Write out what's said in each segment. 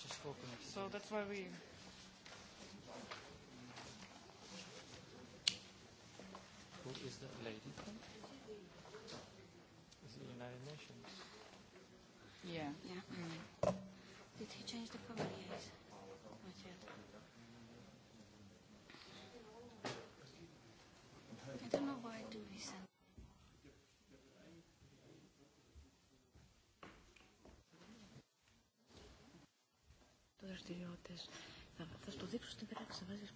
just spoken So that's why we. Who is that lady from? Is it United Nations? Yeah. Yeah. Mm. Did he change the cover? Yes. Not yet. I don't know why do we send Θα, θα στο δείξω στην πράξη, θα βάζεις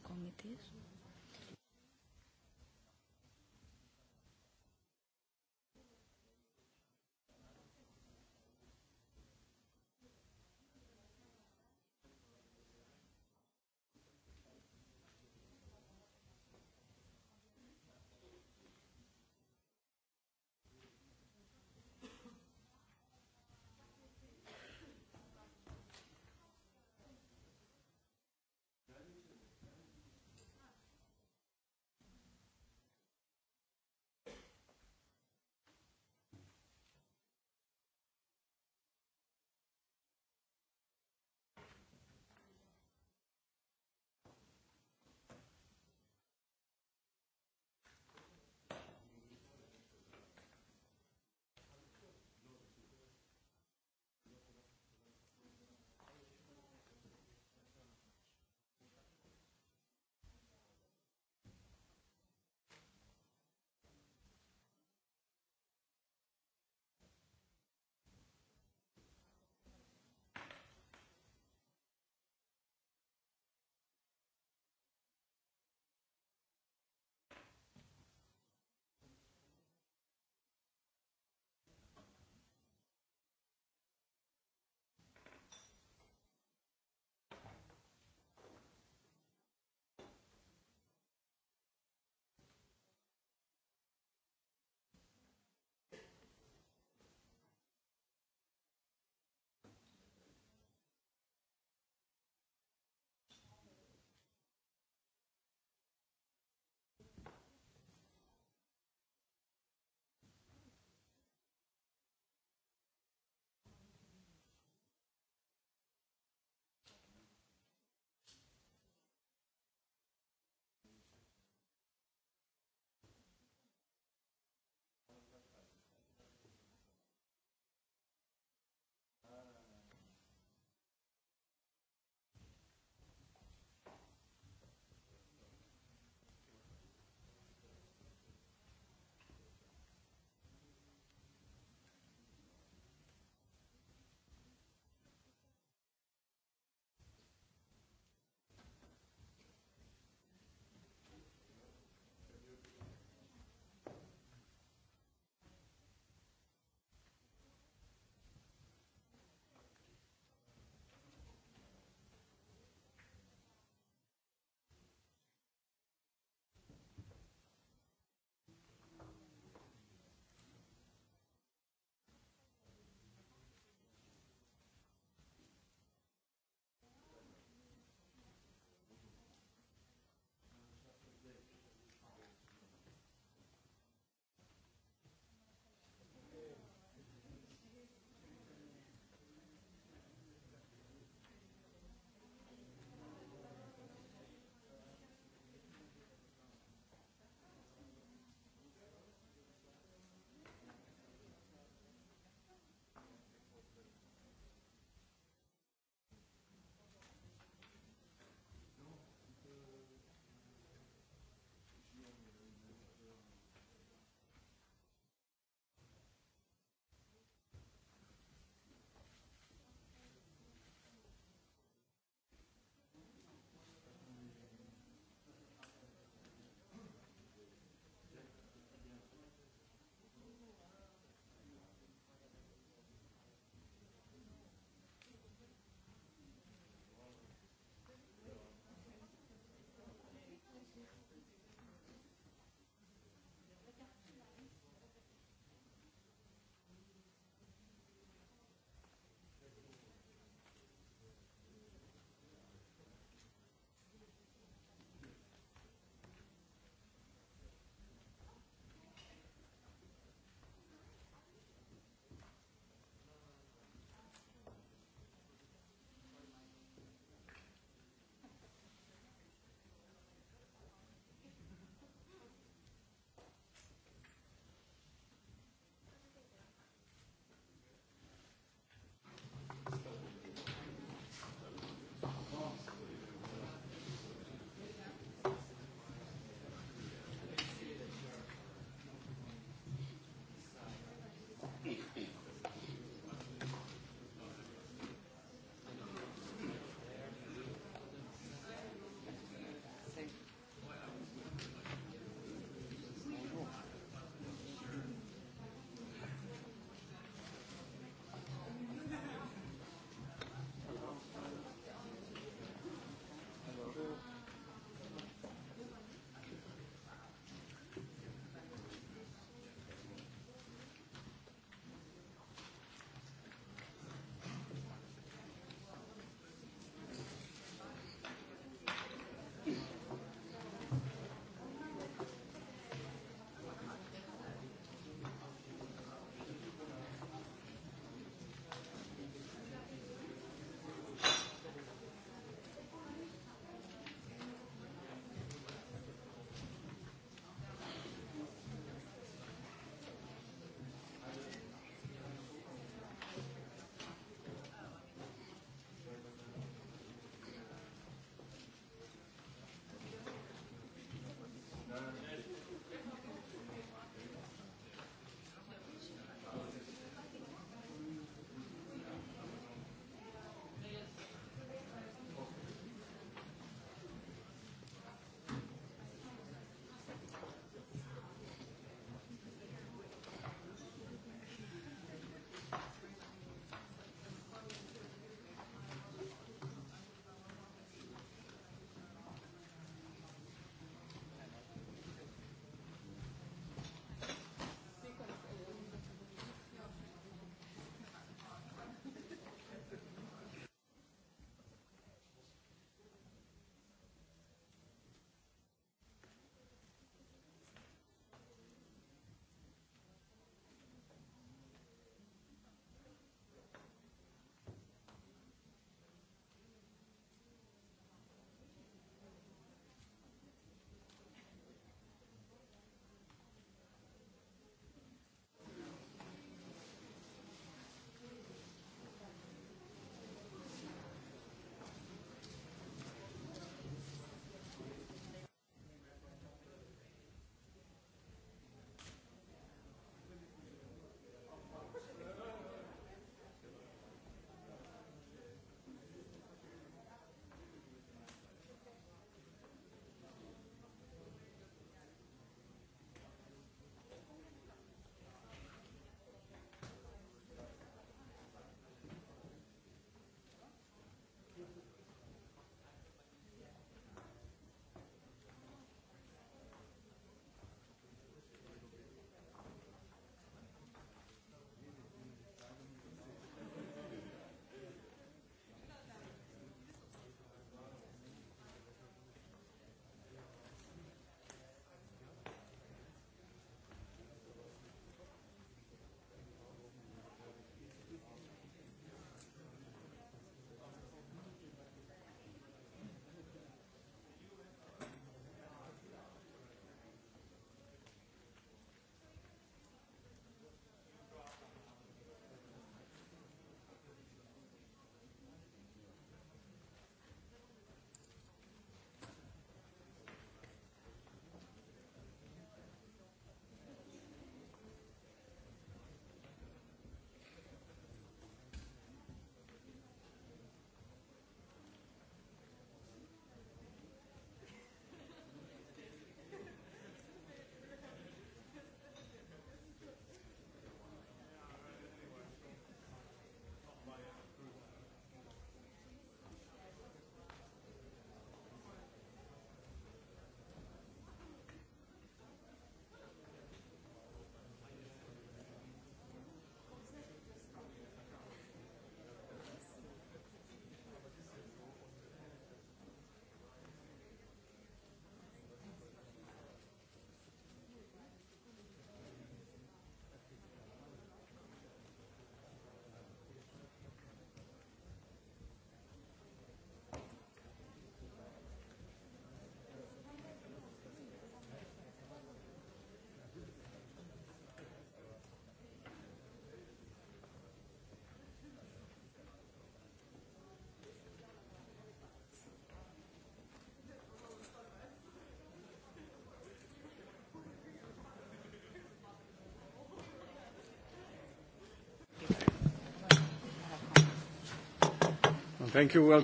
Thank you.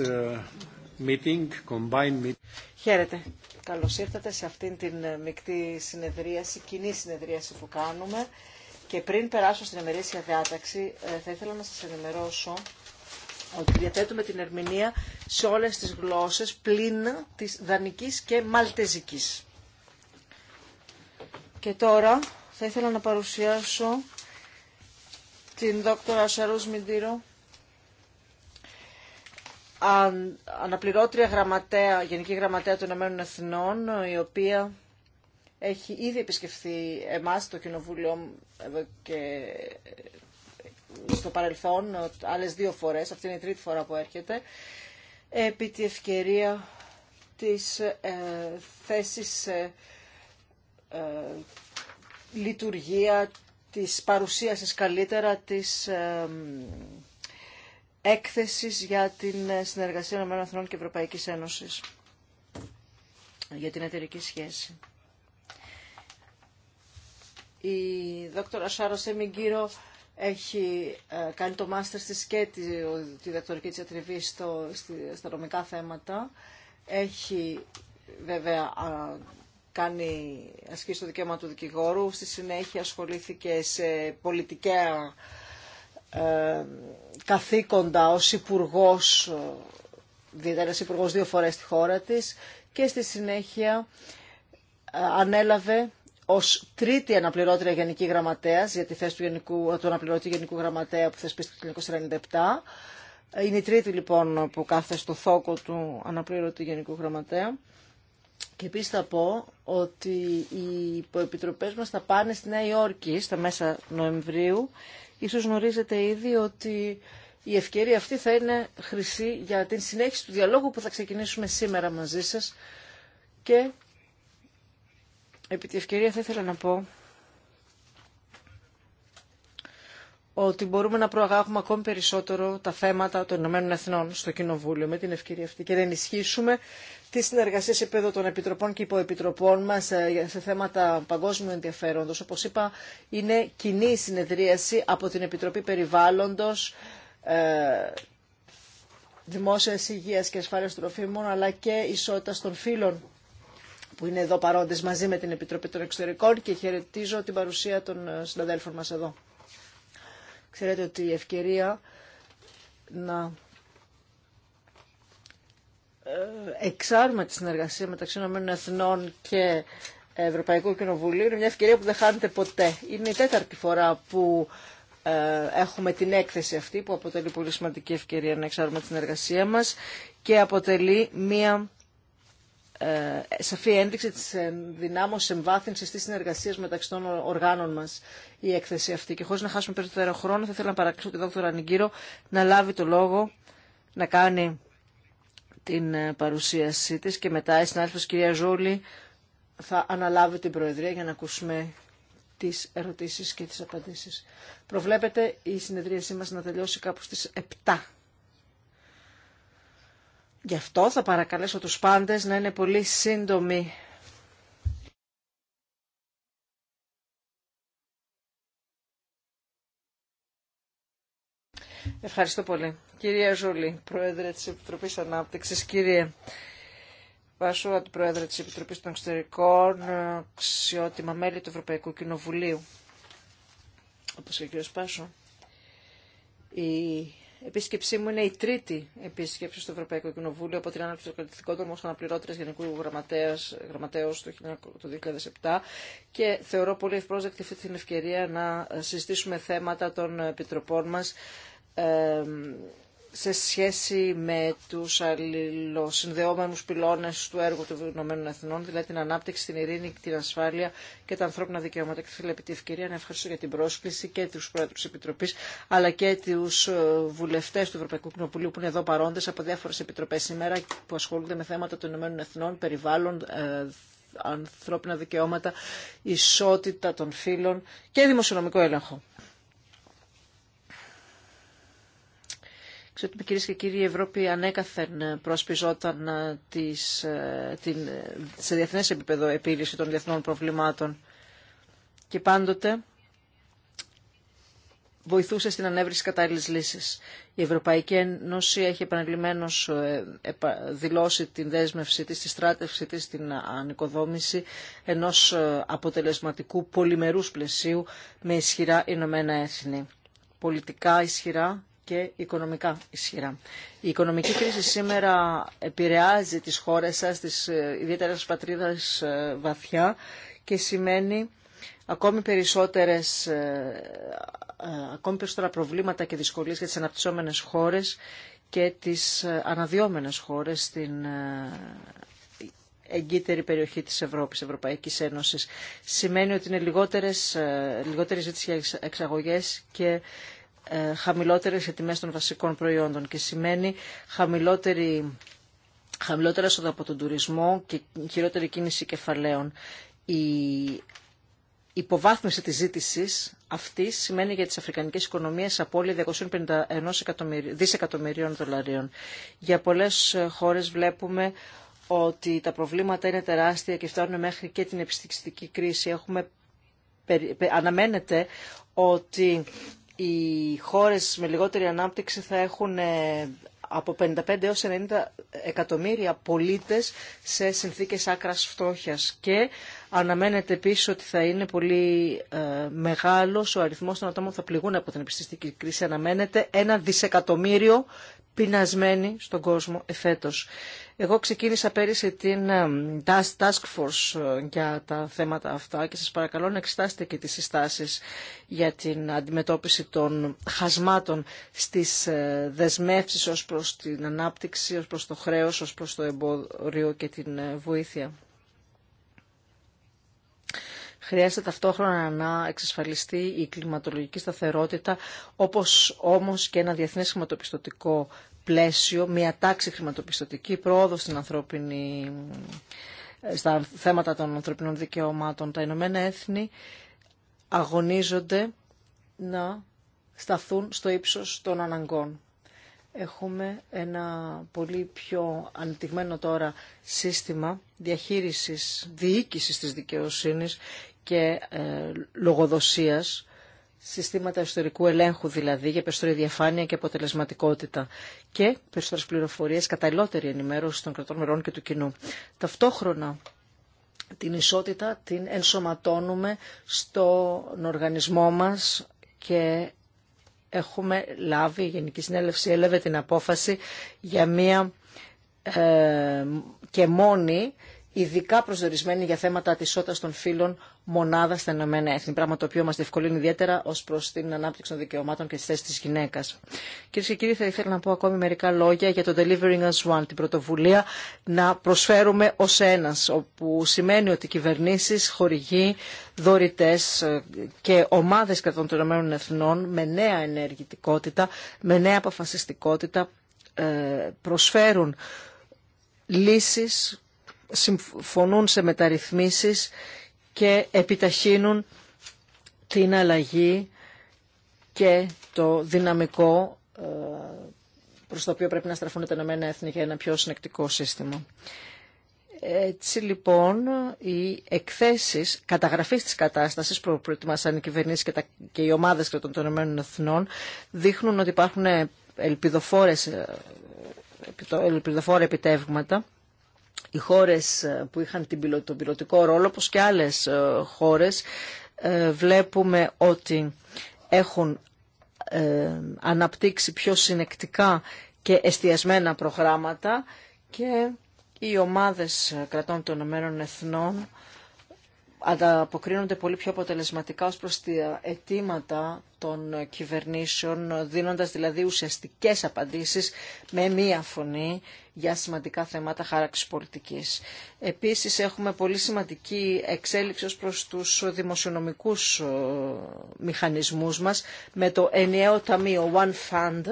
Uh, Χαίρετε. Καλώς ήρθατε σε αυτήν την ε, μεικτή συνεδρίαση, κοινή συνεδρίαση που κάνουμε. Και πριν περάσω στην εμερήσια διάταξη, ε, θα ήθελα να σας ενημερώσω ότι διαθέτουμε την ερμηνεία σε όλες τις γλώσσες πλην της δανικής και μαλτεζικής. Και τώρα θα ήθελα να παρουσιάσω την δόκτωρα Σαρούς Μιντήρο, αναπληρώτρια γραμματέα, Γενική Γραμματέα των Ηνωμένων Εθνών, η οποία έχει ήδη επισκεφθεί εμάς, το Κοινοβούλιο, και στο παρελθόν, άλλες δύο φορές, αυτή είναι η τρίτη φορά που έρχεται, επί τη ευκαιρία της ε, θέσης ε, ε, λειτουργία, της παρουσίασης καλύτερα, της ε, έκθεσης για την συνεργασία ΕΕ και Ευρωπαϊκής Ένωσης για την εταιρική σχέση. Η δόκτωρα Σάρο Σεμιγκύρο έχει ε, κάνει το μάστερ στη και τη, διδακτορική της ατριβή στα νομικά θέματα. Έχει βέβαια κάνει ασκήσει το δικαίωμα του δικηγόρου. Στη συνέχεια ασχολήθηκε σε πολιτικά ε, καθήκοντα ως υπουργό, ε, δύο φορές στη χώρα της και στη συνέχεια ε, ανέλαβε ως τρίτη αναπληρώτρια γενική γραμματέας για τη θέση του, γενικού, αναπληρωτή γενικού γραμματέα που θεσπίστηκε το 1997. Είναι η τρίτη λοιπόν που κάθε στο θόκο του αναπληρωτή γενικού γραμματέα. Και επίση θα πω ότι οι υποεπιτροπές μας θα πάνε στη Νέα Υόρκη στα μέσα Νοεμβρίου Ίσως γνωρίζετε ήδη ότι η ευκαιρία αυτή θα είναι χρυσή για την συνέχιση του διαλόγου που θα ξεκινήσουμε σήμερα μαζί σας και επί τη ευκαιρία θα ήθελα να πω ότι μπορούμε να προαγάγουμε ακόμη περισσότερο τα θέματα των Ηνωμένων Εθνών στο Κοινοβούλιο με την ευκαιρία αυτή και να ενισχύσουμε τη συνεργασία σε επίπεδο των επιτροπών και υποεπιτροπών μα ε, σε θέματα παγκόσμιου ενδιαφέροντο. Όπω είπα, είναι κοινή συνεδρίαση από την Επιτροπή Περιβάλλοντο, ε, Δημόσια Υγεία και Ασφάλεια Τροφίμων, αλλά και Ισότητα των Φίλων, που είναι εδώ παρόντες μαζί με την Επιτροπή των Εξωτερικών και χαιρετίζω την παρουσία των ε, συναδέλφων μας εδώ. Ξέρετε ότι η ευκαιρία να ε, εξάρουμε τη συνεργασία μεταξύ ΗΕ και Ευρωπαϊκού Κοινοβουλίου είναι μια ευκαιρία που δεν χάνεται ποτέ. Είναι η τέταρτη φορά που ε, έχουμε την έκθεση αυτή που αποτελεί πολύ σημαντική ευκαιρία να εξάρουμε τη συνεργασία μας και αποτελεί μια ε, σαφή ένδειξη της δυνάμωσης εμβάθυνσης της συνεργασίας μεταξύ των οργάνων μας η έκθεση αυτή. Και χωρίς να χάσουμε περισσότερο χρόνο θα ήθελα να παρακολουθήσω τη δόκτωρα Ανιγκύρο να λάβει το λόγο, να κάνει την ε, παρουσίασή της και μετά η συνάδελφος κυρία Ζούλη θα αναλάβει την Προεδρία για να ακούσουμε τις ερωτήσεις και τις απαντήσεις. Προβλέπετε η συνεδρίασή μας να τελειώσει κάπου στις 7. Γι' αυτό θα παρακαλέσω τους πάντες να είναι πολύ σύντομοι Ευχαριστώ πολύ. Κυρία Ζούλη, Πρόεδρε τη Επιτροπής Ανάπτυξης, κύριε του Αντιπρόεδρε τη Επιτροπής των Εξωτερικών, αξιότιμα μέλη του Ευρωπαϊκού Κοινοβουλίου, όπως και ο κύριος Πάσο, η επίσκεψή μου είναι η τρίτη επίσκεψη στο Ευρωπαϊκό Κοινοβούλιο από την ανάπτυξη των κρατικών των αναπληρώτρια Γενικού Γραμματέως το 2007 και θεωρώ πολύ ευπρόσδεκτη αυτή την ευκαιρία να συζητήσουμε θέματα των επιτροπών μας σε σχέση με τους αλληλοσυνδεόμενους πυλώνες του έργου των Ηνωμένων Εθνών, δηλαδή την ανάπτυξη, την ειρήνη, την ασφάλεια και τα ανθρώπινα δικαιώματα. Και θέλω επί τη ευκαιρία να ευχαριστώ για την πρόσκληση και τους πρόεδρους της Επιτροπής, αλλά και τους ε, βουλευτές του Ευρωπαϊκού Κοινοβουλίου που είναι εδώ παρόντες από διάφορες επιτροπές σήμερα που ασχολούνται με θέματα των Ηνωμένων Εθνών, περιβάλλον, ε, ανθρώπινα δικαιώματα, ισότητα των φύλων και δημοσιονομικό έλεγχο. ότι, κυρίε και κύριοι, η Ευρώπη ανέκαθεν προσπιζόταν ε, τις, ε, την, ε, σε διεθνές επίπεδο επίλυση των διεθνών προβλημάτων και πάντοτε βοηθούσε στην ανέβριση κατάλληλης λύσης. Η Ευρωπαϊκή Ένωση έχει επαναλημμένως δηλώσει την δέσμευσή της, τη στράτευσή της, την ανοικοδόμηση ενός αποτελεσματικού πολυμερούς πλαισίου με ισχυρά Ηνωμένα Έθνη. Πολιτικά ισχυρά, και οικονομικά ισχυρά. Η οικονομική κρίση σήμερα επηρεάζει τις χώρες σας, τις ε, ιδιαίτερα στις πατρίδας ε, βαθιά και σημαίνει ακόμη περισσότερες ε, ακόμη περισσότερα προβλήματα και δυσκολίες για τις αναπτυσσόμενες χώρες και τις αναδιόμενες χώρες στην εγκύτερη περιοχή της Ευρώπης, Ευρωπαϊκής Ένωσης. Σημαίνει ότι είναι λιγότερες, λιγότερες ζήτηση για εξαγωγές και ε, χαμηλότερες οι τιμές των βασικών προϊόντων και σημαίνει χαμηλότερη, χαμηλότερα έσοδα από τον τουρισμό και χειρότερη κίνηση κεφαλαίων. Η υποβάθμιση της ζήτησης αυτή σημαίνει για τις αφρικανικές οικονομίες απόλυτη 251 δισεκατομμυρίων δολαρίων. Για πολλές χώρες βλέπουμε ότι τα προβλήματα είναι τεράστια και φτάνουν μέχρι και την επιστημιστική κρίση. Έχουμε, αναμένεται ότι οι χώρες με λιγότερη ανάπτυξη θα έχουν ε, από 55 έως 90 εκατομμύρια πολίτες σε συνθήκες άκρας φτώχειας και αναμένεται επίσης ότι θα είναι πολύ ε, μεγάλος ο αριθμός των ατόμων που θα πληγούν από την επιστηστική κρίση. Αναμένεται ένα δισεκατομμύριο πεινασμένη στον κόσμο εφέτος. Εγώ ξεκίνησα πέρυσι την ε, Task Force ε, για τα θέματα αυτά και σας παρακαλώ να εξετάσετε και τις συστάσεις για την αντιμετώπιση των χασμάτων στις ε, δεσμεύσεις ως προς την ανάπτυξη, ως προς το χρέος, ως προς το εμπόριο και την βοήθεια. Χρειάζεται ταυτόχρονα να εξασφαλιστεί η κλιματολογική σταθερότητα, όπως όμως και ένα διεθνές χρηματοπιστωτικό πλαίσιο, μια τάξη χρηματοπιστωτική, πρόοδο ανθρώπινη, στα θέματα των ανθρωπινών δικαιωμάτων. Τα Ηνωμένα Έθνη αγωνίζονται να σταθούν στο ύψος των αναγκών. Έχουμε ένα πολύ πιο ανεπτυγμένο τώρα σύστημα διαχείρισης, διοίκησης της δικαιοσύνης και ε, λογοδοσίας, συστήματα εσωτερικού ελέγχου δηλαδή, για περισσότερη διαφάνεια και αποτελεσματικότητα και περισσότερες πληροφορίες, καταλληλότερη ενημέρωση των κρατών μερών και του κοινού. Ταυτόχρονα, την ισότητα την ενσωματώνουμε στον οργανισμό μας και έχουμε λάβει, η Γενική Συνέλευση έλαβε την απόφαση για μία ε, και μόνη ειδικά προσδορισμένη για θέματα τη ισότητα των φύλων μονάδα στα Ηνωμένα Έθνη. Πράγμα το οποίο μα διευκολύνει ιδιαίτερα ω προ την ανάπτυξη των δικαιωμάτων και τη θέση τη γυναίκα. Κυρίε και κύριοι, θα ήθελα να πω ακόμη μερικά λόγια για το Delivering as One, την πρωτοβουλία να προσφέρουμε ω ένα, όπου σημαίνει ότι κυβερνήσει, χορηγοί, δωρητέ και ομάδε κρατών των Ηνωμένων Εθνών με νέα ενεργητικότητα, με νέα αποφασιστικότητα ε, προσφέρουν λύσεις συμφωνούν σε μεταρρυθμίσεις και επιταχύνουν την αλλαγή και το δυναμικό ε, προς το οποίο πρέπει να στραφούν τα Ηνωμένα Έθνη για ένα πιο συνεκτικό σύστημα. Έτσι λοιπόν οι εκθέσεις καταγραφής της κατάστασης που προετοιμάσαν οι κυβερνήσεις και, τα, και οι ομάδες κρατών των Ηνωμένων Εθνών δείχνουν ότι υπάρχουν ελπιδοφόρες, ε, επιτεύγματα οι χώρες ε, που είχαν την, τον πιλωτικό ρόλο, όπως και άλλες ε, χώρες, ε, βλέπουμε ότι έχουν αναπτύξει πιο συνεκτικά και εστιασμένα προγράμματα και οι ομάδες κρατών των Ηνωμένων Εθνών ανταποκρίνονται πολύ πιο αποτελεσματικά ως προς τα αιτήματα των κυβερνήσεων, δίνοντας δηλαδή ουσιαστικές απαντήσεις με μία φωνή για σημαντικά θέματα χάραξης πολιτικής. Επίσης έχουμε πολύ σημαντική εξέλιξη ως προς τους δημοσιονομικούς ε, μηχανισμούς μας με το ενιαίο ταμείο One Fund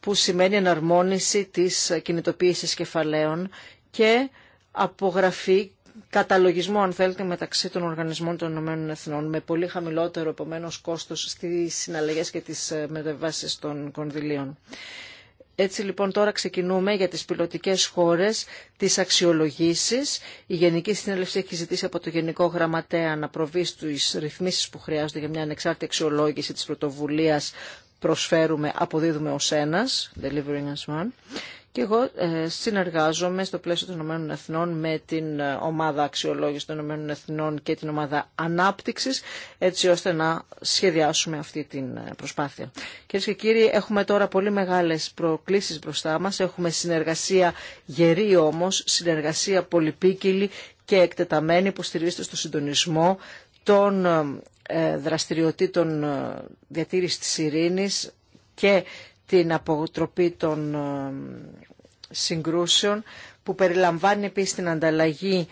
που σημαίνει εναρμόνιση της κινητοποίησης κεφαλαίων και απογραφή καταλογισμό, αν θέλετε, μεταξύ των οργανισμών των ΗΕ Εθνών, με πολύ χαμηλότερο επομένω κόστο στι συναλλαγέ και τι ε, μεταβάσει των κονδυλίων. Έτσι λοιπόν τώρα ξεκινούμε για τις πιλωτικές χώρες τις αξιολογήσεις. Η Γενική Συνέλευση έχει ζητήσει από το Γενικό Γραμματέα να προβεί στις ρυθμίσεις που χρειάζονται για μια ανεξάρτητη αξιολόγηση της πρωτοβουλίας προσφέρουμε, αποδίδουμε ως ένας, delivering as one. Και εγώ ε, συνεργάζομαι στο πλαίσιο των ΗΕ Εθνών με την ε, ομάδα αξιολόγηση των ΗΕ Εθνών και την ομάδα ανάπτυξη, έτσι ώστε να σχεδιάσουμε αυτή την ε, προσπάθεια. Κυρίε και κύριοι, έχουμε τώρα πολύ μεγάλε προκλήσει μπροστά μα. Έχουμε συνεργασία γερή όμω, συνεργασία πολυπίκυλη και εκτεταμένη που στηρίζεται στο συντονισμό των δραστηριοτήτων διατήρηση της ειρήνης και την αποτροπή των ε, συγκρούσεων που περιλαμβάνει επίσης την ανταλλαγή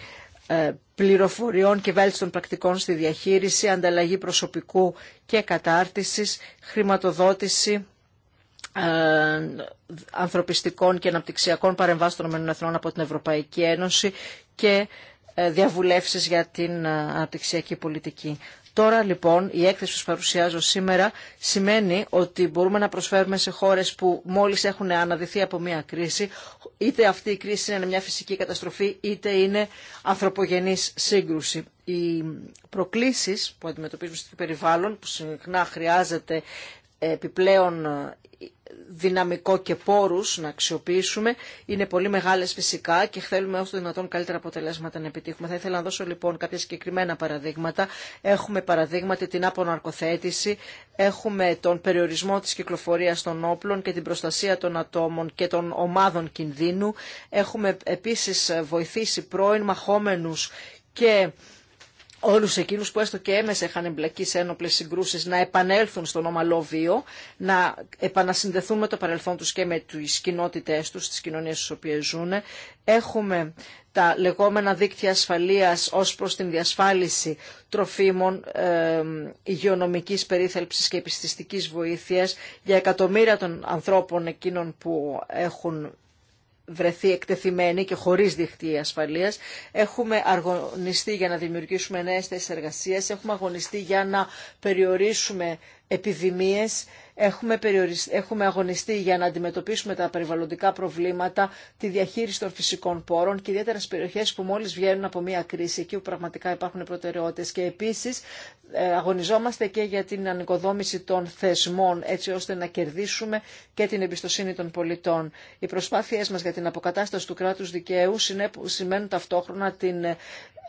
ε, πληροφοριών και βέλτιστων πρακτικών στη διαχείριση, ανταλλαγή προσωπικού και κατάρτισης, χρηματοδότηση ε, ανθρωπιστικών και αναπτυξιακών παρεμβάσεων των ΗΕ από την Ευρωπαϊκή Ένωση και διαβουλεύσεις για την αναπτυξιακή πολιτική. Τώρα λοιπόν η έκθεση που σας παρουσιάζω σήμερα σημαίνει ότι μπορούμε να προσφέρουμε σε χώρες που μόλις έχουν αναδυθεί από μια κρίση, είτε αυτή η κρίση είναι μια φυσική καταστροφή, είτε είναι ανθρωπογενής σύγκρουση. Οι προκλήσεις που αντιμετωπίζουμε στο περιβάλλον, που συχνά χρειάζεται επιπλέον ε, δυναμικό και πόρους να αξιοποιήσουμε είναι πολύ μεγάλες φυσικά και θέλουμε όσο δυνατόν καλύτερα αποτελέσματα να επιτύχουμε. Θα ήθελα να δώσω λοιπόν κάποια συγκεκριμένα παραδείγματα. Έχουμε παραδείγματα την αποναρκοθέτηση, έχουμε τον περιορισμό της κυκλοφορίας των όπλων και την προστασία των ατόμων και των ομάδων κινδύνου. Έχουμε επίσης βοηθήσει πρώην μαχόμενους και όλους εκείνους που έστω και έμεσα είχαν εμπλακεί σε ένοπλες συγκρούσεις να επανέλθουν στον ομαλό βίο, να επανασυνδεθούν με το παρελθόν τους και με τις κοινότητές τους, τις κοινωνίες στις οποίες ζουν. Έχουμε τα λεγόμενα δίκτυα ασφαλείας ως προς την διασφάλιση τροφίμων, ε, υγειονομικής περίθαλψης και επιστηστικής βοήθειας για εκατομμύρια των ανθρώπων εκείνων που έχουν βρεθεί εκτεθειμένη και χωρί δίχτυ ασφαλεία, Έχουμε αγωνιστεί για να δημιουργήσουμε νέες θέσει εργασία. έχουμε αγωνιστεί για να περιορίσουμε επιδημίες Έχουμε, αγωνιστεί για να αντιμετωπίσουμε τα περιβαλλοντικά προβλήματα, τη διαχείριση των φυσικών πόρων και ιδιαίτερα στις περιοχές που μόλι βγαίνουν από μια κρίση, εκεί που πραγματικά υπάρχουν προτεραιότητε. Και επίση ε, αγωνιζόμαστε και για την ανοικοδόμηση των θεσμών, έτσι ώστε να κερδίσουμε και την εμπιστοσύνη των πολιτών. Οι προσπάθειε μα για την αποκατάσταση του κράτου δικαίου σημαίνουν ταυτόχρονα την ε,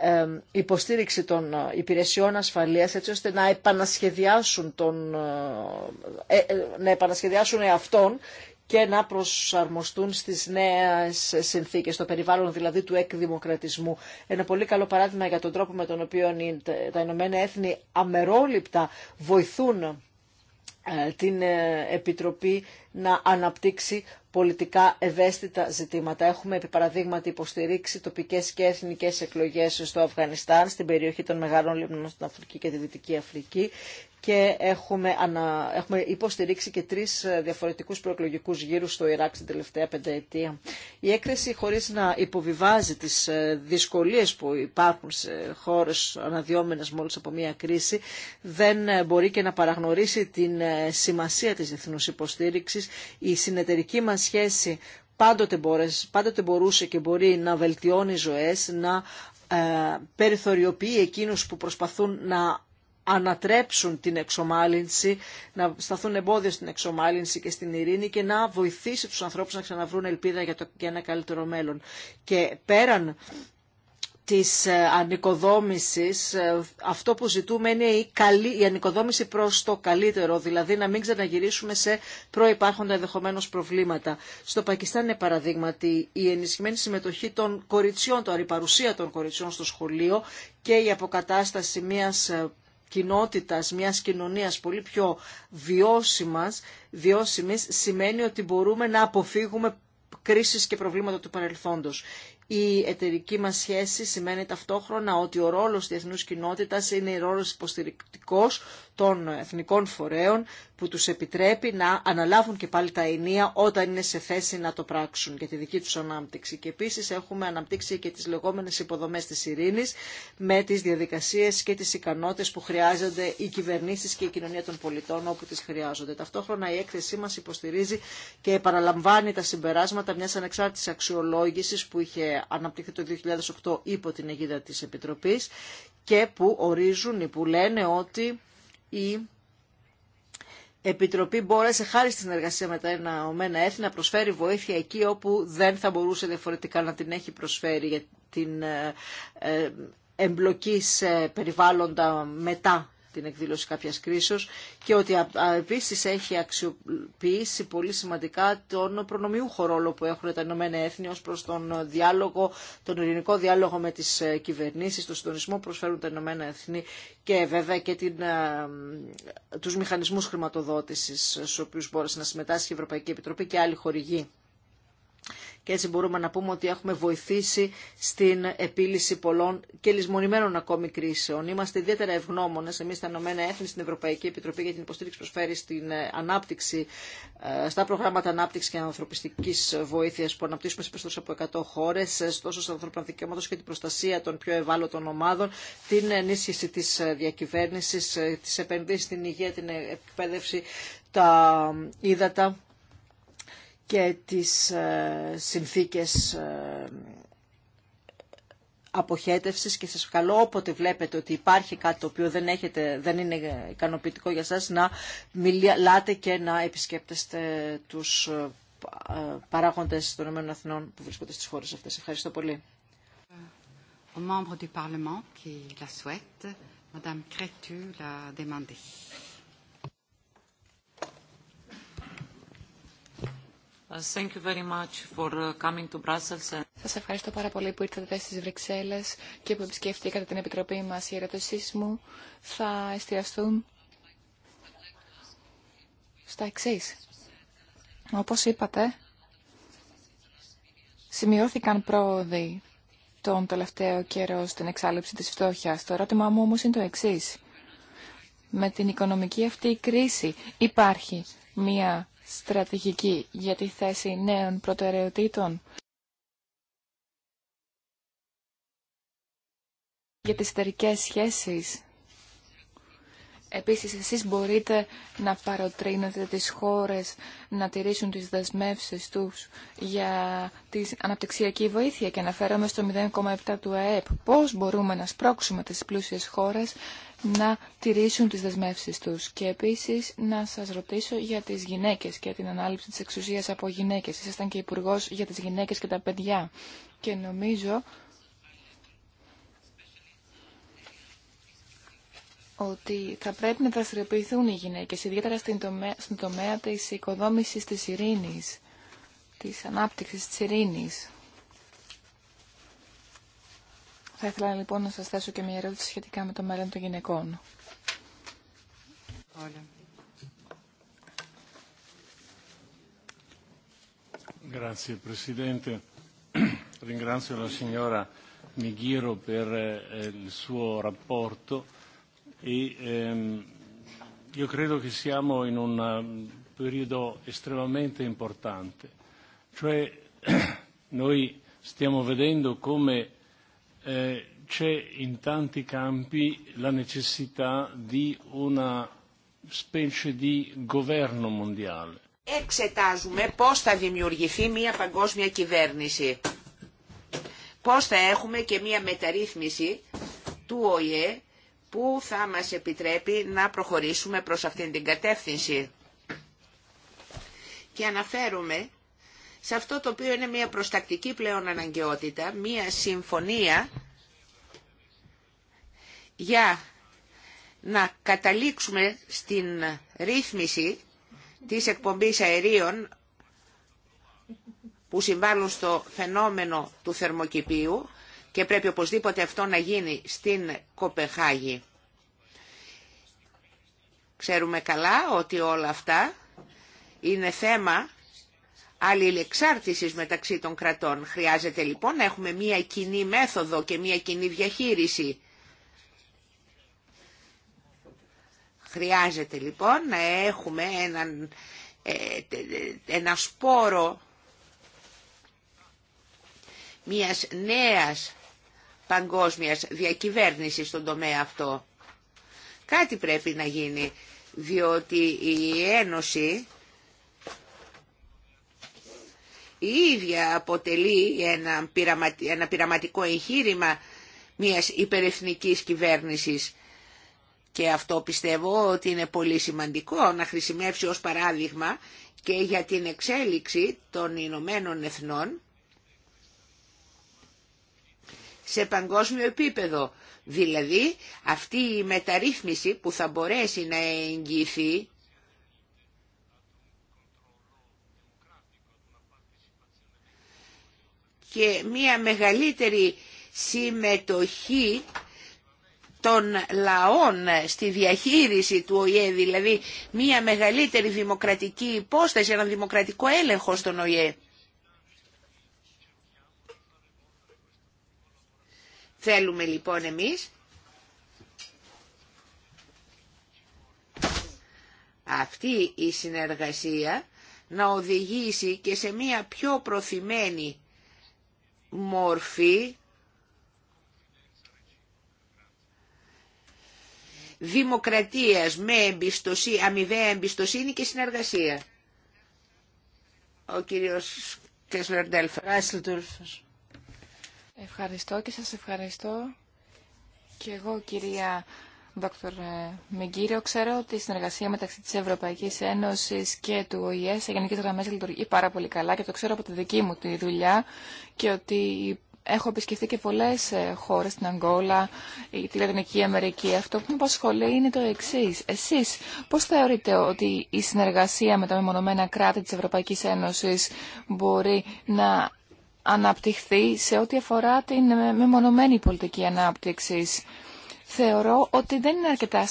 ε, υποστήριξη των υπηρεσιών ασφαλείας έτσι ώστε να επανασχεδιάσουν τον, να επανασχεδιάσουν αυτόν και να προσαρμοστούν στις νέες συνθήκες, στο περιβάλλον δηλαδή του εκδημοκρατισμού. Ένα πολύ καλό παράδειγμα για τον τρόπο με τον οποίο τα Ηνωμένα Έθνη αμερόληπτα βοηθούν ε, την ε, Επιτροπή να αναπτύξει πολιτικά ευαίσθητα ζητήματα. Έχουμε επί παραδείγματι υποστηρίξει τοπικές και εθνικές εκλογές στο Αφγανιστάν, στην περιοχή των Μεγάλων Λίμνων στην Αφρική και τη Δυτική Αφρική και έχουμε, ανα... έχουμε υποστηρίξει και τρεις ε, διαφορετικούς προεκλογικούς γύρους στο Ιράκ στην τελευταία πενταετία. Η έκθεση χωρίς να υποβιβάζει τις ε, δυσκολίες που υπάρχουν σε χώρες αναδυόμενες μόλις από μια κρίση δεν ε, μπορεί και να παραγνωρίσει την σημασία της διεθνούς υποστήριξης. Η συνεταιρική μας σχέση πάντοτε, μπορείς, πάντοτε μπορούσε και μπορεί να βελτιώνει ζωές, να περιθωριοποιεί εκείνους που προσπαθούν να ανατρέψουν την εξομάλυνση, να σταθούν εμπόδια στην εξομάλυνση και στην ειρήνη και να βοηθήσει τους ανθρώπους να ξαναβρούν ελπίδα για, το, για ένα καλύτερο μέλλον. Και πέραν της ε, ανοικοδόμησης, ε, αυτό που ζητούμε είναι η, καλή, ανοικοδόμηση προς το καλύτερο, δηλαδή να μην ξαναγυρίσουμε σε προϋπάρχοντα ενδεχομένω προβλήματα. Στο Πακιστάν είναι παραδείγματι η ενισχυμένη συμμετοχή των κοριτσιών, το η παρουσία των κοριτσιών στο σχολείο και η αποκατάσταση μιας ε, κοινότητας, μιας κοινωνίας πολύ πιο βιώσιμας, βιώσιμης, σημαίνει ότι μπορούμε να αποφύγουμε κρίσεις και προβλήματα του παρελθόντος. Η εταιρική μας σχέση σημαίνει ταυτόχρονα ότι ο ρόλος της διεθνούς κοινότητας είναι ρόλος υποστηρικτικός των εθνικών φορέων που τους επιτρέπει να αναλάβουν και πάλι τα ενία όταν είναι σε θέση να το πράξουν για τη δική τους ανάπτυξη. Και επίσης έχουμε αναπτύξει και τις λεγόμενες υποδομές της ειρήνης με τις διαδικασίες και τις ικανότητες που χρειάζονται οι κυβερνήσεις και η κοινωνία των πολιτών όπου τις χρειάζονται. Ταυτόχρονα η έκθεσή μας υποστηρίζει και επαναλαμβάνει τα συμπεράσματα μιας ανεξάρτητης αξιολόγησης που είχε αναπτύχθηκε το 2008 υπό την αιγίδα της Επιτροπής και που ορίζουν ή που λένε ότι η Επιτροπή μπόρεσε χάρη στην εργασία με τα Ενωμένα Έθνη να προσφέρει βοήθεια εκεί όπου δεν θα μπορούσε διαφορετικά να την έχει προσφέρει για την ε, ε, εμπλοκή σε περιβάλλοντα μετά την εκδήλωση κάποιας κρίσεως και ότι επίσης έχει αξιοποιήσει πολύ σημαντικά τον προνομιούχο ρόλο που έχουν τα Ηνωμένα Έθνη ως προς τον διάλογο, τον ειρηνικό διάλογο με τις ε, κυβερνήσεις, τον συντονισμό που προσφέρουν τα Ηνωμένα Έθνη και βέβαια και την, ε, τους μηχανισμούς χρηματοδότησης στους οποίους μπόρεσε να συμμετάσχει η Ευρωπαϊκή Επιτροπή και άλλοι χορηγοί και έτσι μπορούμε να πούμε ότι έχουμε βοηθήσει στην επίλυση πολλών και λησμονημένων ακόμη κρίσεων. Είμαστε ιδιαίτερα ευγνώμονες Εμεί στα Ηνωμένα Έθνη στην Ευρωπαϊκή Επιτροπή για την υποστήριξη προσφέρει στην ε, ανάπτυξη, ε, στα προγράμματα ανάπτυξη και ανθρωπιστική βοήθεια που αναπτύσσουμε σε περισσότερε από 100 χώρε, ε, τόσο στα ανθρώπινα δικαιώματα και την προστασία των πιο ευάλωτων ομάδων, την ενίσχυση τη διακυβέρνηση, τι επενδύσει στην υγεία, την εκπαίδευση, τα ύδατα και τις ε, συνθήκες ε, αποχέτευσης και σας καλώ όποτε βλέπετε ότι υπάρχει κάτι το οποίο δεν, είναι ικανοποιητικό για σας να μιλάτε και να επισκέπτεστε τους ε, παράγοντες των ΗΠΑ που βρίσκονται στις χώρες αυτές. Ευχαριστώ πολύ. Parlement qui la Madame Crétu l'a demandé. Thank Σας ευχαριστώ πάρα πολύ που ήρθατε στις Βρυξέλλες και που επισκεφτήκατε την Επιτροπή μας. Οι ερωτήσεις μου θα εστιαστούν στα εξή. Όπως είπατε, σημειώθηκαν πρόοδοι τον τελευταίο καιρό στην εξάλληψη της φτώχειας. Το ερώτημά μου όμως είναι το εξής. Με την οικονομική αυτή κρίση υπάρχει μία στρατηγική για τη θέση νέων προτεραιοτήτων για τις εταιρικές σχέσεις. Επίσης, εσείς μπορείτε να παροτρύνετε τις χώρες να τηρήσουν τις δεσμεύσεις τους για την αναπτυξιακή βοήθεια και αναφέρομαι στο 0,7 του ΑΕΠ. Πώς μπορούμε να σπρώξουμε τις πλούσιες χώρες να τηρήσουν τις δεσμεύσεις τους. Και επίσης να σας ρωτήσω για τις γυναίκες και την ανάληψη της εξουσίας από γυναίκες. Ήσασταν και υπουργό για τις γυναίκες και τα παιδιά. Και νομίζω ότι θα πρέπει να δραστηριοποιηθούν οι γυναίκες, ιδιαίτερα στην τομέα, στην τομέα της οικοδόμησης της ειρήνης, της ανάπτυξης της ειρήνης. Θα ήθελα λοιπόν να σας θέσω και μια ερώτηση σχετικά με το μέλλον των γυναικών. Grazie Presidente, ringrazio la signora Mighiro per il suo rapporto e io credo che siamo in un periodo estremamente importante, cioè noi stiamo vedendo come Eh, c'è in Εξετάζουμε πώς θα δημιουργηθεί μια παγκόσμια κυβέρνηση. Πώς θα έχουμε και μια μεταρρύθμιση του ΟΗΕ που θα μας επιτρέπει να προχωρήσουμε προς αυτήν την κατεύθυνση. Και αναφέρουμε σε αυτό το οποίο είναι μια προστακτική πλέον αναγκαιότητα, μια συμφωνία για να καταλήξουμε στην ρύθμιση της εκπομπής αερίων που συμβάλλουν στο φαινόμενο του θερμοκηπίου και πρέπει οπωσδήποτε αυτό να γίνει στην Κοπεχάγη. Ξέρουμε καλά ότι όλα αυτά είναι θέμα αλληλεξάρτησης μεταξύ των κρατών. Χρειάζεται λοιπόν να έχουμε μία κοινή μέθοδο και μία κοινή διαχείριση. Χρειάζεται λοιπόν να έχουμε έναν, ε, ένα σπόρο μιας νέας παγκόσμιας διακυβέρνησης στον τομέα αυτό. Κάτι πρέπει να γίνει, διότι η Ένωση η ίδια αποτελεί ένα, ένα πειραματικό εγχείρημα μιας υπερεθνικής κυβέρνησης. Και αυτό πιστεύω ότι είναι πολύ σημαντικό να χρησιμεύσει ως παράδειγμα και για την εξέλιξη των Ηνωμένων Εθνών σε παγκόσμιο επίπεδο. Δηλαδή αυτή η μεταρρύθμιση που θα μπορέσει να εγγυηθεί και μία μεγαλύτερη συμμετοχή των λαών στη διαχείριση του ΟΗΕ, δηλαδή μία μεγαλύτερη δημοκρατική υπόσταση, έναν δημοκρατικό έλεγχο στον ΟΗΕ. Θέλουμε λοιπόν εμείς αυτή η συνεργασία να οδηγήσει και σε μία πιο προθυμένη μορφή δημοκρατίας με εμπιστοσύνη, αμοιβαία εμπιστοσύνη και συνεργασία. Ο κύριος Κέσλερ Ευχαριστώ και σας ευχαριστώ και εγώ κυρία Δόκτωρ Μεγκύριο, ξέρω ότι η συνεργασία μεταξύ της Ευρωπαϊκής Ένωσης και του ΟΗΕ σε γενικές γραμμές λειτουργεί πάρα πολύ καλά και το ξέρω από τη δική μου τη δουλειά και ότι έχω επισκεφθεί και πολλές ε, χώρες, στην Αγγόλα, τη Λατινική Αμερική. Αυτό που με απασχολεί είναι το εξή. Εσείς πώς θεωρείτε ότι η συνεργασία με τα μεμονωμένα κράτη της Ευρωπαϊκής Ένωσης μπορεί να αναπτυχθεί σε ό,τι αφορά την ε, μεμονωμένη πολιτική ανάπτυξης θεωρώ ότι δεν είναι αρκετά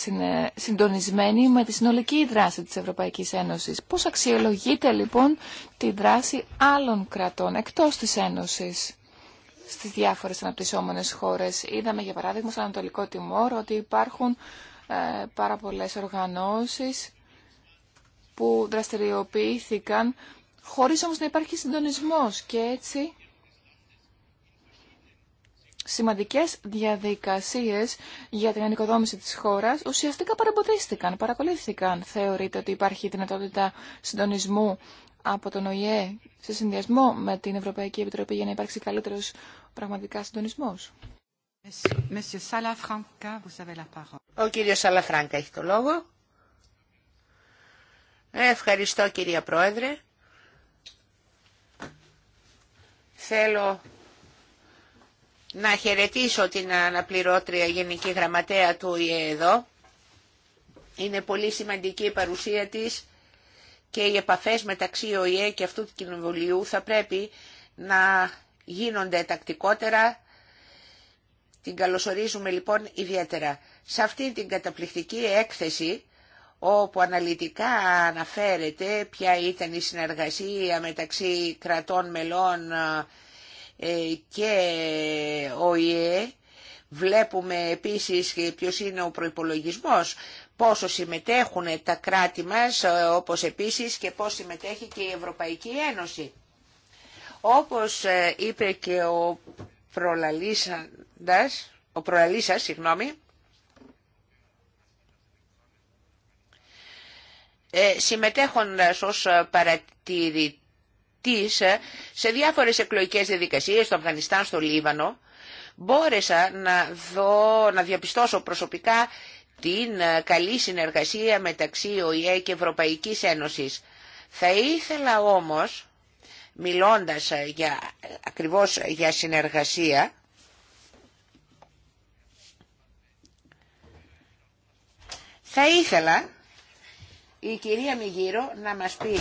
συντονισμένη με τη συνολική δράση της Ευρωπαϊκής Ένωσης. Πώς αξιολογείται λοιπόν τη δράση άλλων κρατών εκτός της Ένωσης στις διάφορες αναπτυσσόμενες χώρες. Είδαμε για παράδειγμα στο Ανατολικό Τιμόρ ότι υπάρχουν ε, πάρα πολλές οργανώσεις που δραστηριοποιήθηκαν χωρίς όμως να υπάρχει συντονισμός και έτσι σημαντικές διαδικασίες για την ανοικοδόμηση της χώρας ουσιαστικά παραμποδίστηκαν, παρακολούθηκαν. Θεωρείτε ότι υπάρχει δυνατότητα συντονισμού από τον ΟΗΕ σε συνδυασμό με την Ευρωπαϊκή Επιτροπή για να υπάρξει καλύτερος πραγματικά συντονισμός. Ο κύριος Σαλαφράγκα έχει το λόγο. Ευχαριστώ κυρία Πρόεδρε. Θέλω να χαιρετήσω την αναπληρώτρια Γενική Γραμματέα του ΙΕ εδώ. Είναι πολύ σημαντική η παρουσία της και οι επαφές μεταξύ ΟΗΕ και αυτού του κοινοβουλίου θα πρέπει να γίνονται τακτικότερα. Την καλωσορίζουμε λοιπόν ιδιαίτερα. Σε αυτή την καταπληκτική έκθεση όπου αναλυτικά αναφέρεται ποια ήταν η συνεργασία μεταξύ κρατών μελών ε, και ο ΙΕ. Βλέπουμε επίσης ποιος είναι ο προϋπολογισμός, πόσο συμμετέχουν τα κράτη μας, ε, όπως επίσης και πώς συμμετέχει και η Ευρωπαϊκή Ένωση. Όπως ε, είπε και ο προλαλήσαντας ο προλαλήσας συγγνώμη, συμμετέχοντας ως παρατηρητή, της ε, σε διάφορες εκλογικές διαδικασίες, στο Αφγανιστάν, στο Λίβανο, μπόρεσα να, δω, να διαπιστώσω προσωπικά την ε, καλή συνεργασία μεταξύ ΟΗΕ και Ευρωπαϊκής Ένωσης. Θα ήθελα όμως, μιλώντας ε, για, ακριβώς για συνεργασία, θα ήθελα η κυρία Μιγύρο να μας πει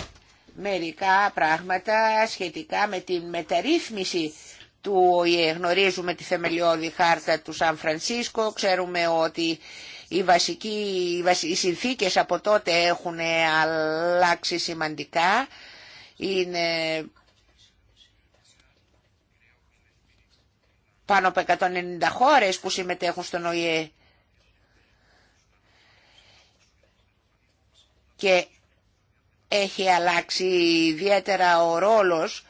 μερικά πράγματα σχετικά με την μεταρρύθμιση του ΟΗΕ. Γνωρίζουμε τη θεμελιώδη χάρτα του Σαν Φρανσίσκο, ξέρουμε ότι οι, βασικοί, οι συνθήκες από τότε έχουν αλλάξει σημαντικά. Είναι πάνω από 190 χώρες που συμμετέχουν στον ΟΗΕ. Και έχει αλλάξει ιδιαίτερα ο ρόλος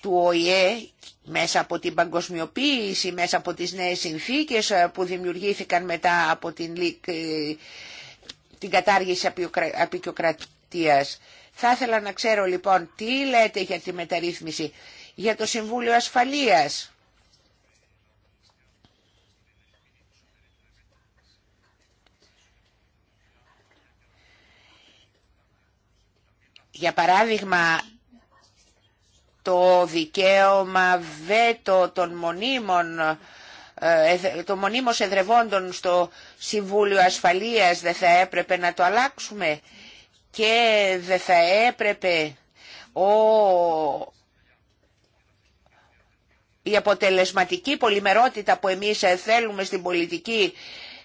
του ΟΗΕ μέσα από την παγκοσμιοποίηση, μέσα από τις νέες συνθήκες ε, που δημιουργήθηκαν μετά από την, ε, την κατάργηση απεικιοκρατίας. Θα ήθελα να ξέρω λοιπόν τι λέτε για τη μεταρρύθμιση για το Συμβούλιο Ασφαλείας. Για παράδειγμα, το δικαίωμα βέτο των μονίμων ε, το μονίμως εδρευόντων στο Συμβούλιο Ασφαλείας δεν θα έπρεπε να το αλλάξουμε και δεν θα έπρεπε ο... η αποτελεσματική πολυμερότητα που εμείς ε, θέλουμε στην πολιτική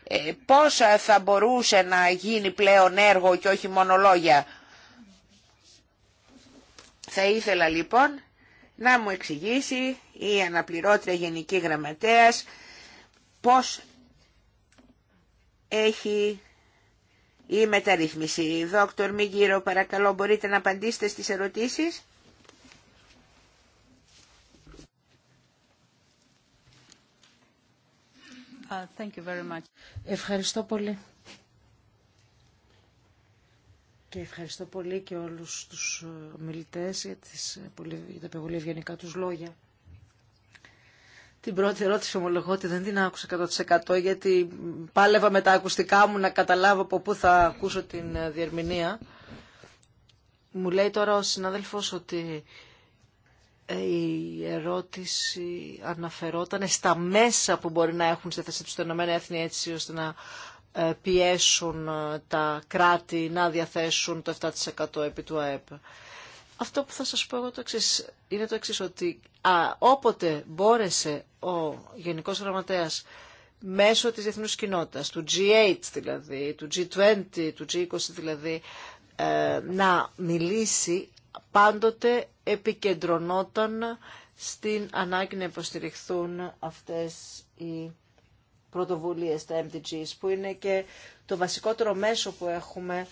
ε, πώς θα μπορούσε να γίνει πλέον έργο και όχι μόνο λόγια. Θα ήθελα λοιπόν να μου εξηγήσει η αναπληρώτρια Γενική Γραμματέας πώς έχει η μεταρρύθμιση. Δόκτωρ Μιγύρο, παρακαλώ, μπορείτε να απαντήσετε στις ερωτήσεις. Uh, Ευχαριστώ πολύ. Και ευχαριστώ πολύ και όλους τους ε, μιλητές για, ε, για τα πολύ ευγενικά τους λόγια. Την πρώτη ερώτηση ομολογώ ότι δεν την άκουσα 100% γιατί πάλευα με τα ακουστικά μου να καταλάβω από πού θα ακούσω την ε, διερμηνία. Μου λέει τώρα ο συνάδελφος ότι η ερώτηση αναφερόταν στα μέσα που μπορεί να έχουν στη θέση του τα Έθνη έτσι ώστε να ε, πιέσουν ε, τα κράτη να διαθέσουν το 7% επί του ΑΕΠ. Αυτό που θα σας πω εγώ το είναι το εξής, ότι όποτε μπόρεσε ο Γενικός Γραμματέας μέσω της διεθνούς κοινότητας, του G8 δηλαδή, του G20, του G20 δηλαδή, ε, να μιλήσει πάντοτε επικεντρωνόταν στην ανάγκη να υποστηριχθούν αυτές οι πρωτοβουλίες, τα MDGs, που είναι και το βασικότερο μέσο που έχουμε